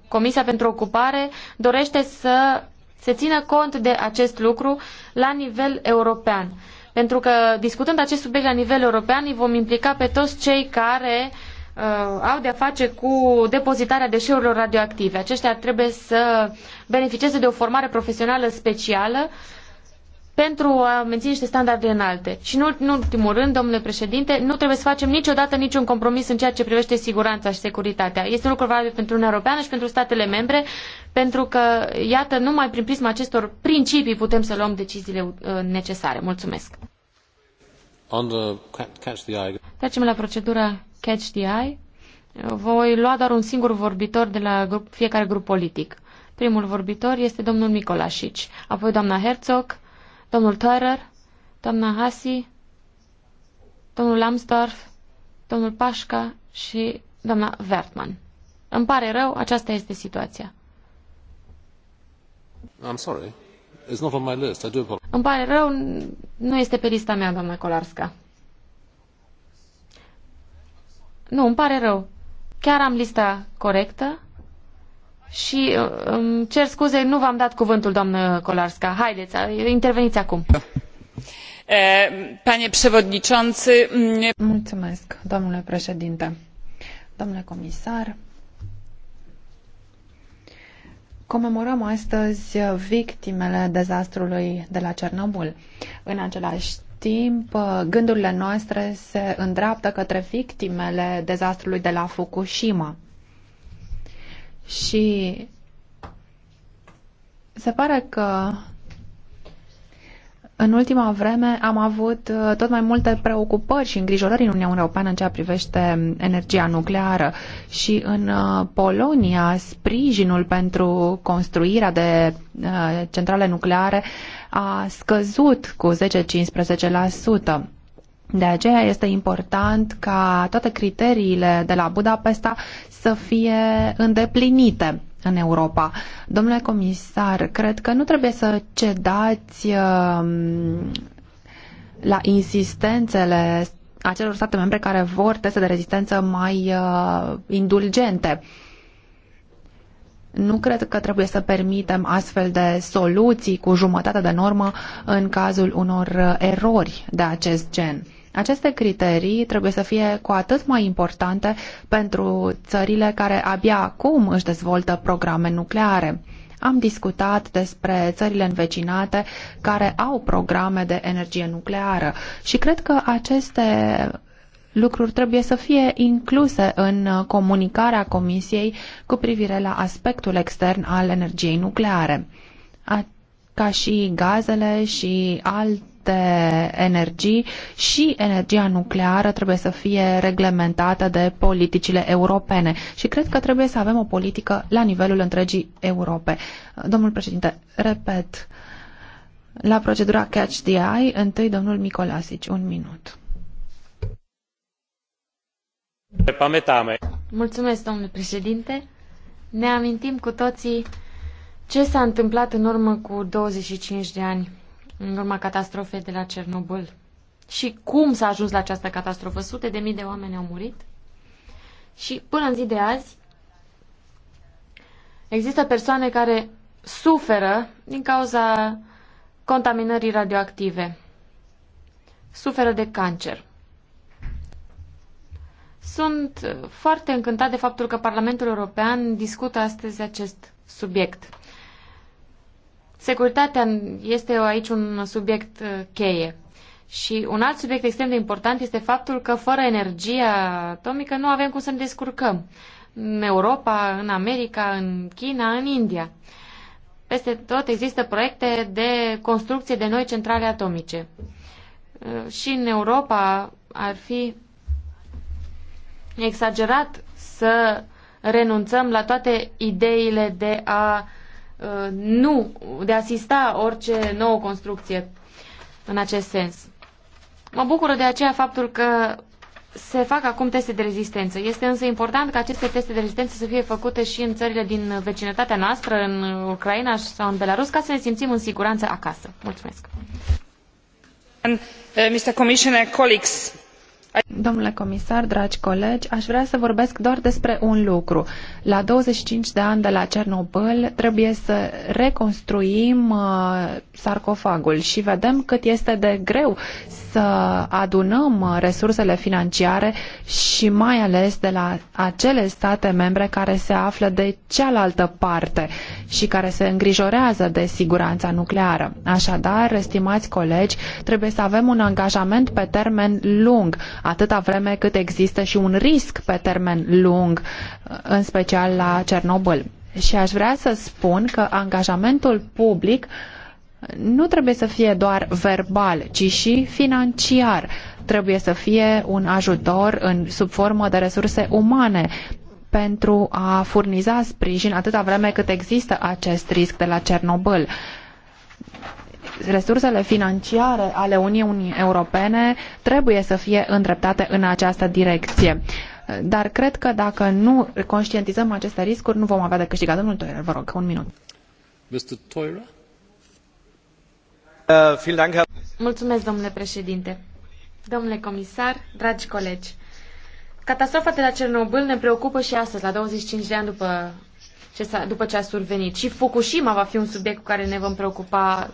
Comisia pentru Ocupare dorește să se țină cont de acest lucru la nivel european. Pentru că discutând acest subiect la nivel european, îi vom implica pe toți cei care uh, au de-a face cu depozitarea deșeurilor radioactive. Aceștia trebuie să beneficieze de o formare profesională specială uh, pentru a menține niște standarde înalte. Și nu, în ultimul rând, domnule președinte, nu trebuie să facem niciodată niciun compromis în ceea ce privește siguranța și securitatea. Este un lucru valabil pentru Uniunea Europeană și pentru statele membre, pentru că, iată, numai prin prisma acestor principii putem să luăm deciziile uh, necesare. Mulțumesc! Trecem la procedura Catch the Eye. Voi lua doar un singur vorbitor de la grup, fiecare grup politic. Primul vorbitor este domnul Micolașici, apoi doamna Herzog, domnul Teurer, doamna Hasi, domnul Lambsdorff, domnul Pașca și doamna Wertmann. Îmi pare rău, aceasta este situația. I'm sorry. It's not on my list. I do Îmi pare rău, nu este pe lista mea, doamna Kolarska. Nu, îmi pare rău. Chiar am lista corectă. Și uh, îmi cer scuze, nu v-am dat cuvântul, doamnă Kolarska. Haideți, interveniți acum. Eh, panie przewodniczący. Mm, Mulțumesc, domnule președinte. Domnule comisar, Comemorăm astăzi victimele dezastrului de la Cernobâl. În același timp, gândurile noastre se îndreaptă către victimele dezastrului de la Fukushima. Și se pare că în ultima vreme am avut uh, tot mai multe preocupări și îngrijorări în Uniunea Europeană în ceea privește energia nucleară și în uh, Polonia sprijinul pentru construirea de uh, centrale nucleare a scăzut cu 10-15%. De aceea este important ca toate criteriile de la Budapesta să fie îndeplinite în Europa. Domnule comisar, cred că nu trebuie să cedați um, la insistențele acelor state membre care vor teste de rezistență mai uh, indulgente. Nu cred că trebuie să permitem astfel de soluții cu jumătate de normă în cazul unor uh, erori de acest gen aceste criterii trebuie să fie cu atât mai importante pentru țările care abia acum își dezvoltă programe nucleare. Am discutat despre țările învecinate care au programe de energie nucleară și cred că aceste lucruri trebuie să fie incluse în comunicarea Comisiei cu privire la aspectul extern al energiei nucleare. A, ca și gazele și alt aceste energii și energia nucleară trebuie să fie reglementată de politicile europene și cred că trebuie să avem o politică la nivelul întregii Europe. Domnul președinte, repet, la procedura Catch the Eye, întâi domnul Micolasici, un minut. Mulțumesc, domnule președinte. Ne amintim cu toții ce s-a întâmplat în urmă cu 25 de ani în urma catastrofei de la Cernobâl. Și cum s-a ajuns la această catastrofă? Sute de mii de oameni au murit. Și până în zi de azi există persoane care suferă din cauza contaminării radioactive. Suferă de cancer. Sunt foarte încântat de faptul că Parlamentul European discută astăzi acest subiect. Securitatea este aici un subiect uh, cheie. Și un alt subiect extrem de important este faptul că fără energia atomică nu avem cum să ne descurcăm. În Europa, în America, în China, în India. Peste tot există proiecte de construcție de noi centrale atomice. Uh, și în Europa ar fi exagerat să renunțăm la toate ideile de a Uh, nu, de a asista orice nouă construcție în acest sens. Mă bucură de aceea faptul că se fac acum teste de rezistență. Este însă important ca aceste teste de rezistență să fie făcute și în țările din vecinătatea noastră, în Ucraina sau în Belarus, ca să ne simțim în siguranță acasă. Mulțumesc! Uh, Mr. Commissioner, colleagues, Domnule comisar, dragi colegi, aș vrea să vorbesc doar despre un lucru. La 25 de ani de la Cernobâl trebuie să reconstruim uh, sarcofagul și vedem cât este de greu să adunăm uh, resursele financiare și mai ales de la acele state membre care se află de cealaltă parte și care se îngrijorează de siguranța nucleară. Așadar, estimați colegi, trebuie să avem un angajament pe termen lung atâta vreme cât există și un risc pe termen lung, în special la Cernobâl. Și aș vrea să spun că angajamentul public nu trebuie să fie doar verbal, ci și financiar. Trebuie să fie un ajutor în, sub formă de resurse umane pentru a furniza sprijin atâta vreme cât există acest risc de la Cernobâl resursele financiare ale Uniunii Europene trebuie să fie îndreptate în această direcție. Dar cred că dacă nu conștientizăm aceste riscuri, nu vom avea de câștigat. Domnul Toirer, vă rog, un minut. Mr. Uh, Mulțumesc, domnule președinte. Domnule comisar, dragi colegi, catastrofa de la Cernobâl ne preocupă și astăzi, la 25 de ani după ce, după ce a survenit. Și Fukushima va fi un subiect cu care ne vom preocupa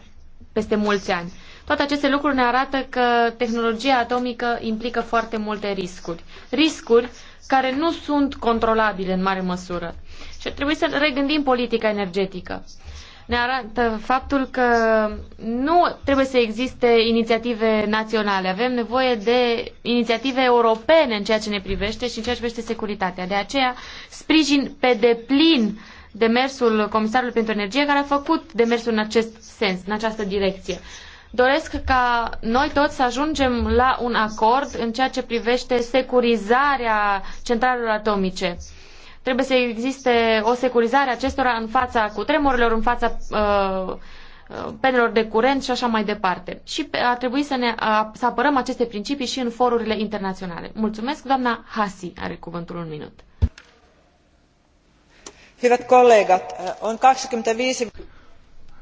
peste mulți ani. Toate aceste lucruri ne arată că tehnologia atomică implică foarte multe riscuri. Riscuri care nu sunt controlabile în mare măsură. Și trebuie să regândim politica energetică. Ne arată faptul că nu trebuie să existe inițiative naționale. Avem nevoie de inițiative europene în ceea ce ne privește și în ceea ce privește securitatea. De aceea sprijin pe deplin uh, demersul Comisarului pentru Energie care a făcut demersul în acest sens, în această direcție. Doresc ca noi toți să ajungem la un acord în ceea ce privește securizarea centralelor atomice trebuie să existe o securizare acestora în fața cutremurilor, în fața uh, uh, penelor de curent și așa mai departe. Și ar trebui să, ne, uh, să apărăm aceste principii și în forurile internaționale. Mulțumesc, doamna Hasi are cuvântul un minut. Hyvät kollegat, eh, on 25...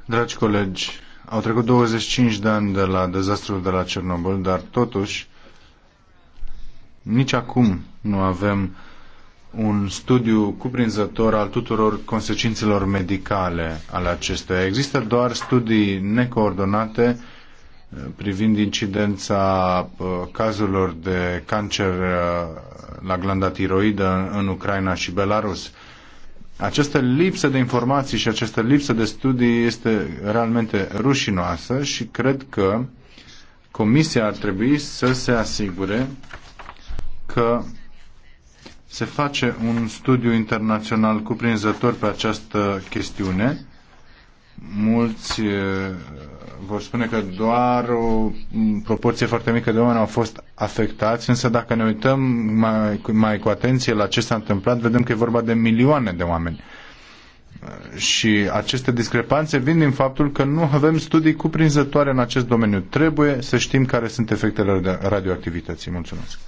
Dragi colegi, au trecut 25 de ani de la dezastrul de la Cernobâl, dar totuși nici acum nu avem un studiu cuprinzător al tuturor consecințelor medicale ale acestuia. Există doar studii necoordonate eh, privind incidența eh, cazurilor de cancer la glanda tiroidă în Ucraina și Belarus. Această lipsă de informații și această lipsă de studii este realmente rușinoasă și cred că Comisia ar trebui să se asigure că se face un studiu internațional cuprinzător pe această chestiune Mulți uh, vor spune că doar o proporție foarte mică de oameni au fost afectați, însă dacă ne uităm mai, mai cu atenție la ce s-a întâmplat, vedem că e vorba de milioane de oameni. Uh, și aceste discrepanțe vin din faptul că nu avem studii cuprinzătoare în acest domeniu. Trebuie să știm care sunt efectele radioactivității. Mulțumesc.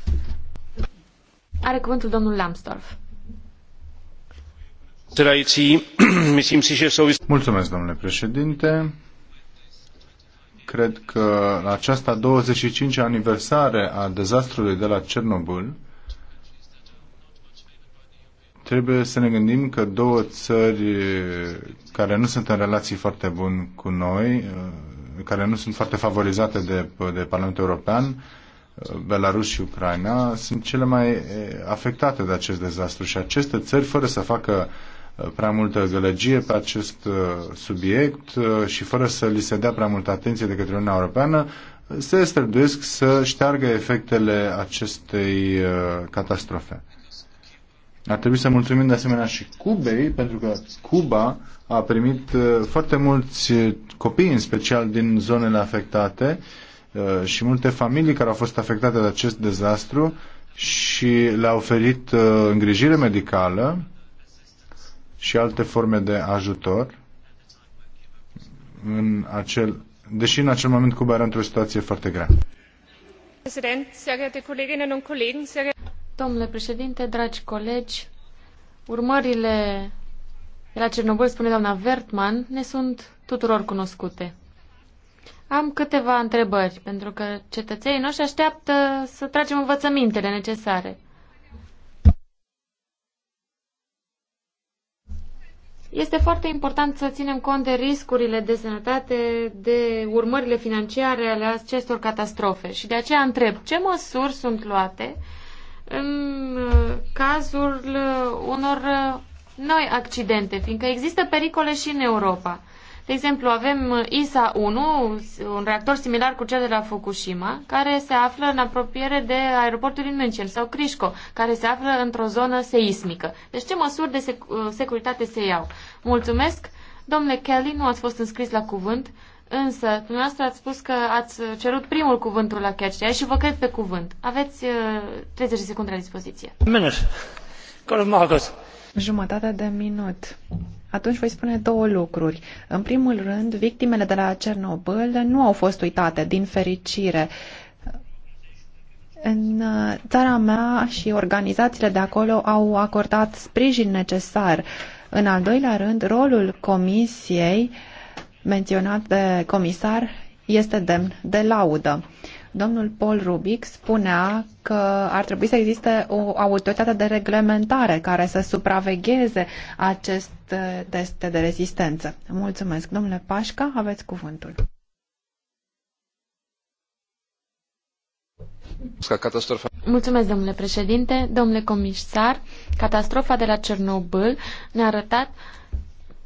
Are cuvântul domnul Lambsdorff. Mulțumesc, domnule președinte. Cred că la această 25 -a aniversare a dezastrului de la Cernobâl trebuie să ne gândim că două țări care nu sunt în relații foarte bune cu noi, uh, care nu sunt foarte favorizate de, de Parlamentul European, uh, Belarus și Ucraina, sunt cele mai eh, afectate de acest dezastru și aceste țări, fără să facă prea multă gălăgie pe acest uh, subiect uh, și fără să li se dea prea multă atenție de către Uniunea Europeană, se străduiesc să șteargă efectele acestei uh, catastrofe. Ar trebui să mulțumim de asemenea și Cubei, pentru că Cuba a primit foarte mulți copii, în special din zonele afectate, și multe familii care au fost afectate de acest dezastru și le-a oferit îngrijire medicală și alte forme de ajutor. În acel, deși în acel moment Cuba era într-o situație foarte grea. Domnule președinte, dragi colegi, urmările de la Cernobâl, spune doamna Vertman, ne sunt tuturor cunoscute. Am câteva întrebări, pentru că cetățenii noștri așteaptă să tragem învățămintele necesare. Este foarte important să ținem cont de riscurile de sănătate, de urmările financiare ale acestor catastrofe. Și de aceea întreb, ce măsuri sunt luate în uh, cazul uh, unor uh, noi accidente, fiindcă există pericole și în Europa. De exemplu, avem ISA 1, un reactor similar cu cel de la Fukushima, care se află în apropiere de aeroportul din München sau Crișco, care se află într-o zonă seismică. Deci ce măsuri de sec securitate se iau? Mulțumesc! Domnule Kelly, nu ați fost înscris la cuvânt, însă dumneavoastră ați spus că ați cerut primul cuvântul la catch și vă cred pe cuvânt. Aveți 30 uh, de secunde la dispoziție. Minute. Marcus. Jumătate de minut. Atunci voi spune două lucruri. În primul rând, victimele de la Cernobâl nu au fost uitate, din fericire. În uh, țara mea și organizațiile de acolo au acordat sprijin necesar. În al doilea rând, rolul comisiei menționat de comisar este demn de laudă. Domnul Paul Rubic spunea că ar trebui să existe o autoritate de reglementare care să supravegheze aceste teste de rezistență. Mulțumesc. Domnule Pașca, aveți cuvântul. Catastrofa. Mulțumesc, domnule președinte, domnule comisar. Catastrofa de la Cernobâl ne-a arătat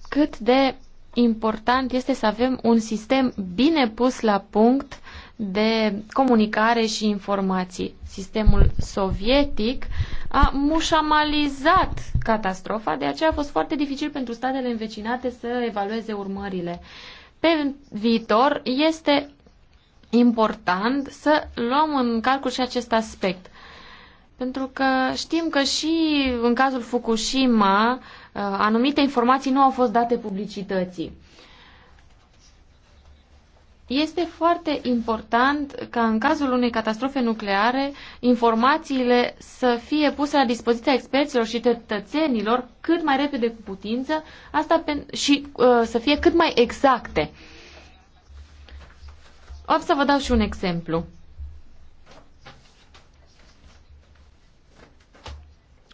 cât de important este să avem un sistem bine pus la punct de comunicare și informații. Sistemul sovietic a mușamalizat catastrofa, de aceea a fost foarte dificil pentru statele învecinate să evalueze urmările. Pe viitor este important să luăm în calcul și acest aspect. Pentru că știm că și în cazul Fukushima uh, anumite informații nu au fost date publicității. Este foarte important ca în cazul unei catastrofe nucleare informațiile să fie puse la dispoziția experților și cetățenilor cât mai repede cu putință asta pe, și uh, să fie cât mai exacte. O să vă dau și un exemplu.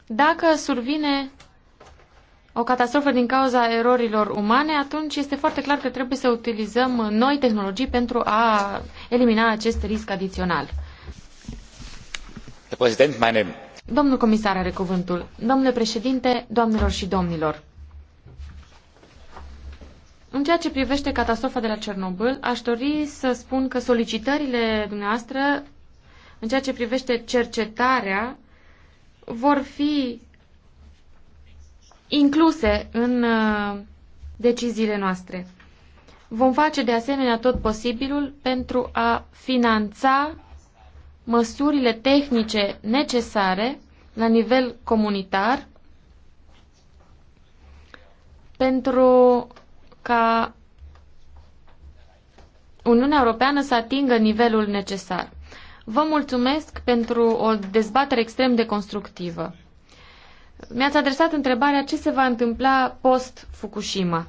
Dacă survine o catastrofă din cauza erorilor umane, atunci este foarte clar că trebuie să utilizăm noi tehnologii pentru a elimina acest risc adițional. Domnul comisar are cuvântul. Domnule președinte, doamnelor și domnilor. În ceea ce privește catastrofa de la Cernobâl, aș dori să spun că solicitările dumneavoastră în ceea ce privește cercetarea vor fi incluse în uh, deciziile noastre. Vom face de asemenea tot posibilul pentru a finanța măsurile tehnice necesare la nivel comunitar pentru ca Uniunea Europeană să atingă nivelul necesar. Vă mulțumesc pentru o dezbatere extrem de constructivă mi-ați adresat întrebarea ce se va întâmpla post-Fukushima.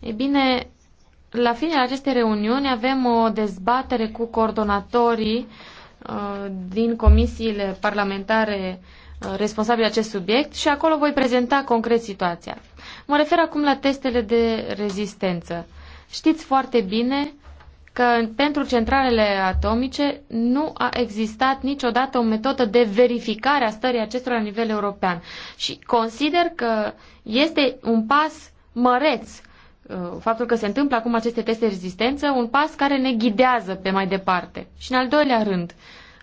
E bine, la finele acestei reuniuni avem o dezbatere cu coordonatorii uh, din comisiile parlamentare uh, responsabile acest subiect și acolo voi prezenta concret situația. Mă refer acum la testele de rezistență. Știți foarte bine că pentru centralele atomice nu a existat niciodată o metodă de verificare a stării acestora la nivel european. Și consider că este un pas măreț uh, faptul că se întâmplă acum aceste teste de rezistență, un pas care ne ghidează pe mai departe. Și în al doilea rând,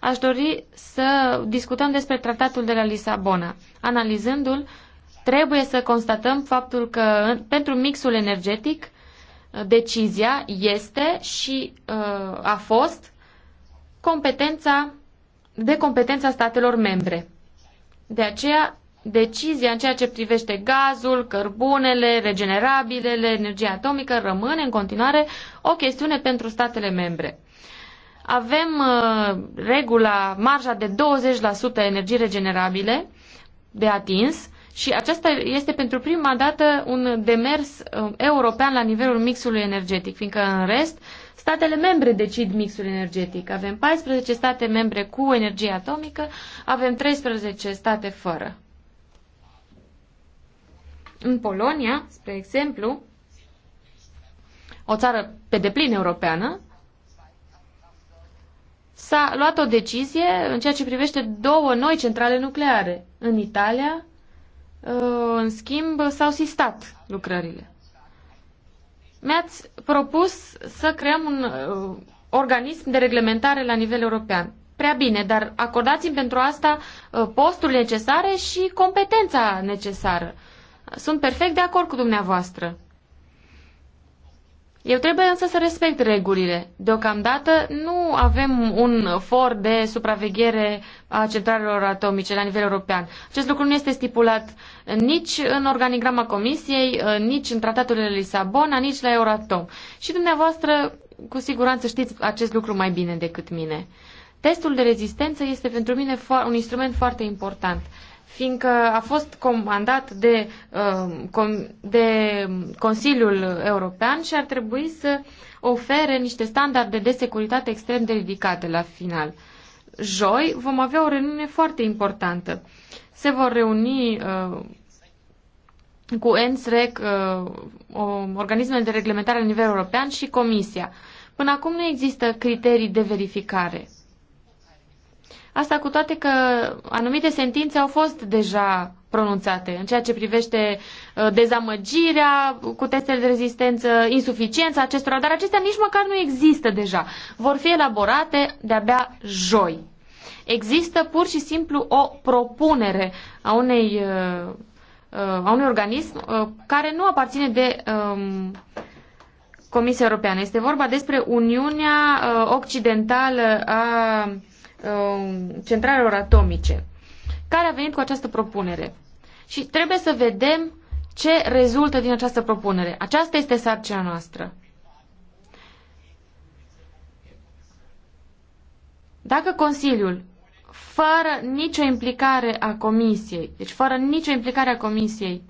aș dori să discutăm despre tratatul de la Lisabona. Analizându-l, trebuie să constatăm faptul că pentru mixul energetic decizia este și uh, a fost competența, de competența statelor membre. De aceea, decizia în ceea ce privește gazul, cărbunele, regenerabilele, energia atomică rămâne în continuare o chestiune pentru statele membre. Avem uh, regula, marja de 20% energie regenerabile de atins și aceasta este pentru prima dată un demers uh, european la nivelul mixului energetic, fiindcă în rest statele membre decid mixul energetic. Avem 14 state membre cu energie atomică, avem 13 state fără. În Polonia, spre exemplu, o țară pe deplin europeană, s-a luat o decizie în ceea ce privește două noi centrale nucleare. În Italia, Uh, în schimb, s-au sistat lucrările. Mi-ați propus să creăm un uh, organism de reglementare la nivel european. Prea bine, dar acordați-mi pentru asta uh, postul necesare și competența necesară. Sunt perfect de acord cu dumneavoastră. Eu trebuie însă să respect regulile. Deocamdată nu avem un for de supraveghere a centralelor atomice la nivel european. Acest lucru nu este stipulat nici în organigrama Comisiei, ă, nici în tratatul de Lisabona, nici la Euratom. Și dumneavoastră, cu siguranță, știți acest lucru mai bine decât mine. Testul de rezistență este pentru mine un instrument foarte important fiindcă a fost comandat de, uh, de Consiliul European și ar trebui să ofere niște standarde de securitate extrem de ridicate la final. Joi vom avea o reuniune foarte importantă. Se vor reuni uh, cu ENSREC, uh, organismele de reglementare la nivel european și Comisia. Până acum nu există criterii de verificare. Asta cu toate că anumite sentințe au fost deja pronunțate în ceea ce privește uh, dezamăgirea cu testele de rezistență, insuficiența acestora, dar acestea nici măcar nu există deja. Vor fi elaborate de-abia joi. Există pur și simplu o propunere a unei uh, uh, a unui organism care nu aparține de um, Comisia Europeană. Este vorba despre Uniunea Occidentală a Um, centralelor atomice, care a venit cu această propunere. Și trebuie să vedem ce rezultă din această propunere. Aceasta este sarcina noastră. Dacă Consiliul, fără nicio implicare a Comisiei, deci fără nicio implicare a Comisiei,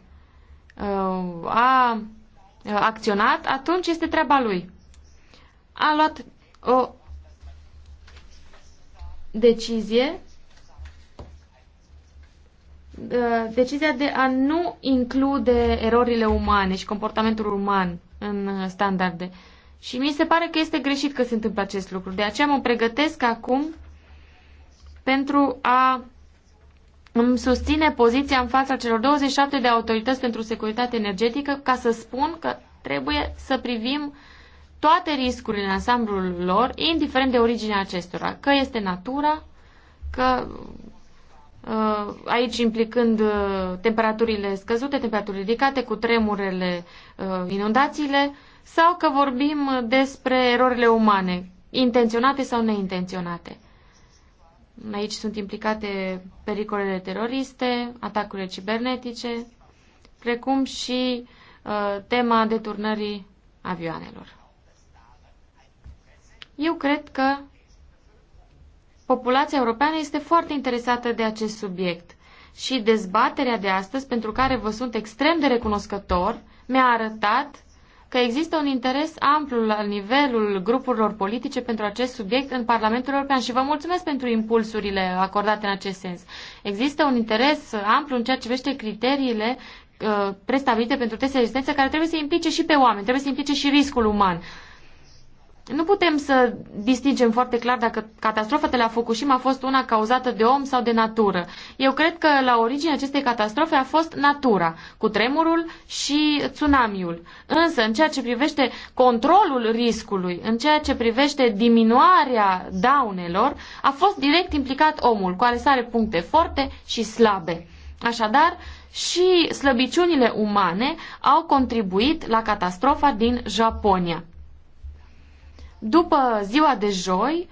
uh, a uh, acționat, atunci este treaba lui. A luat o decizie uh, decizia de a nu include erorile umane și comportamentul uman în standarde. Și mi se pare că este greșit că se întâmplă acest lucru. De aceea mă pregătesc acum pentru a îmi susține poziția în fața celor 27 de autorități pentru securitate energetică ca să spun că trebuie să privim uh, toate riscurile în ansamblul lor, indiferent de originea acestora, că este natura, că uh, aici implicând uh, temperaturile scăzute, temperaturile ridicate, cu tremurele, uh, inundațiile, sau că vorbim despre erorile umane, intenționate sau neintenționate. Aici sunt implicate pericolele teroriste, atacurile cibernetice, precum și uh, tema deturnării avioanelor. Eu cred că populația europeană este foarte interesată de acest subiect și dezbaterea de astăzi, pentru care vă sunt extrem de recunoscător, mi-a arătat că există un interes amplu la nivelul grupurilor politice pentru acest subiect în Parlamentul European și vă mulțumesc pentru impulsurile acordate în acest sens. Există un interes amplu în ceea ce vește criteriile uh, prestabilite pentru teste de rezistență care trebuie să implice și pe oameni, trebuie să implice și riscul uman nu putem să distingem foarte clar dacă catastrofa de la Fukushima a fost una cauzată de om sau de natură. Eu cred că la origine acestei catastrofe a fost natura, cu tremurul și tsunamiul. Însă, în ceea ce privește controlul riscului, în ceea ce privește diminuarea daunelor, a fost direct implicat omul, cu ales are puncte forte și slabe. Așadar, și slăbiciunile umane au contribuit la catastrofa din Japonia. După ziua de joi,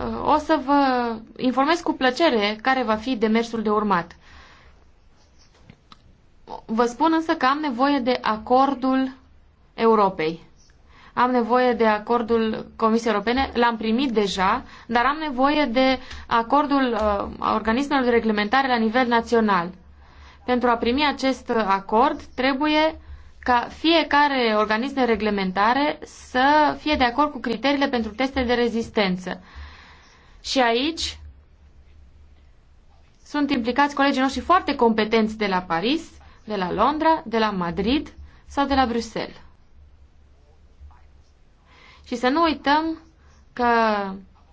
uh, o să vă informez cu plăcere care va fi demersul de urmat. Vă spun însă că am nevoie de acordul Europei. Am nevoie de acordul Comisiei Europene, l-am primit deja, dar am nevoie de acordul uh, organismelor de reglementare la nivel național. Pentru a primi acest acord trebuie ca fiecare organism de reglementare să fie de acord cu criteriile pentru teste de rezistență. Și aici sunt implicați colegii noștri foarte competenți de la Paris, de la Londra, de la Madrid sau de la Bruxelles. Și să nu uităm că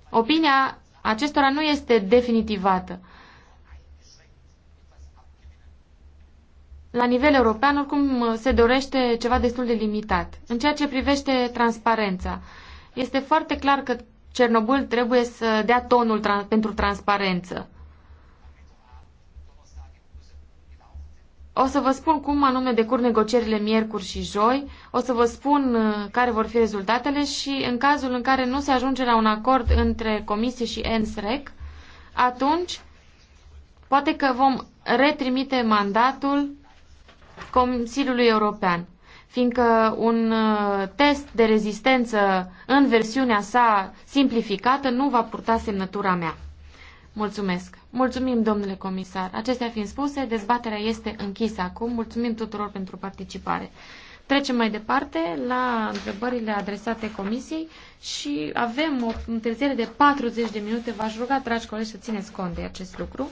opinia acestora nu este definitivată. la nivel european, oricum, se dorește ceva destul de limitat. În ceea ce privește transparența, este foarte clar că Cernobâl trebuie să dea tonul tra- pentru transparență. O să vă spun cum anume decur negocierile miercuri și joi, o să vă spun uh, care vor fi rezultatele și în cazul în care nu se ajunge la un acord între Comisie și ENSREC, atunci poate că vom retrimite mandatul Consiliului European, fiindcă un uh, test de rezistență în versiunea sa simplificată nu va purta semnătura mea. Mulțumesc. Mulțumim, domnule comisar. Acestea fiind spuse, dezbaterea este închisă acum. Mulțumim tuturor pentru participare. Trecem mai departe la întrebările adresate comisiei și avem o întârziere de 40 de minute. V-aș ruga, dragi colegi, să țineți cont de acest lucru.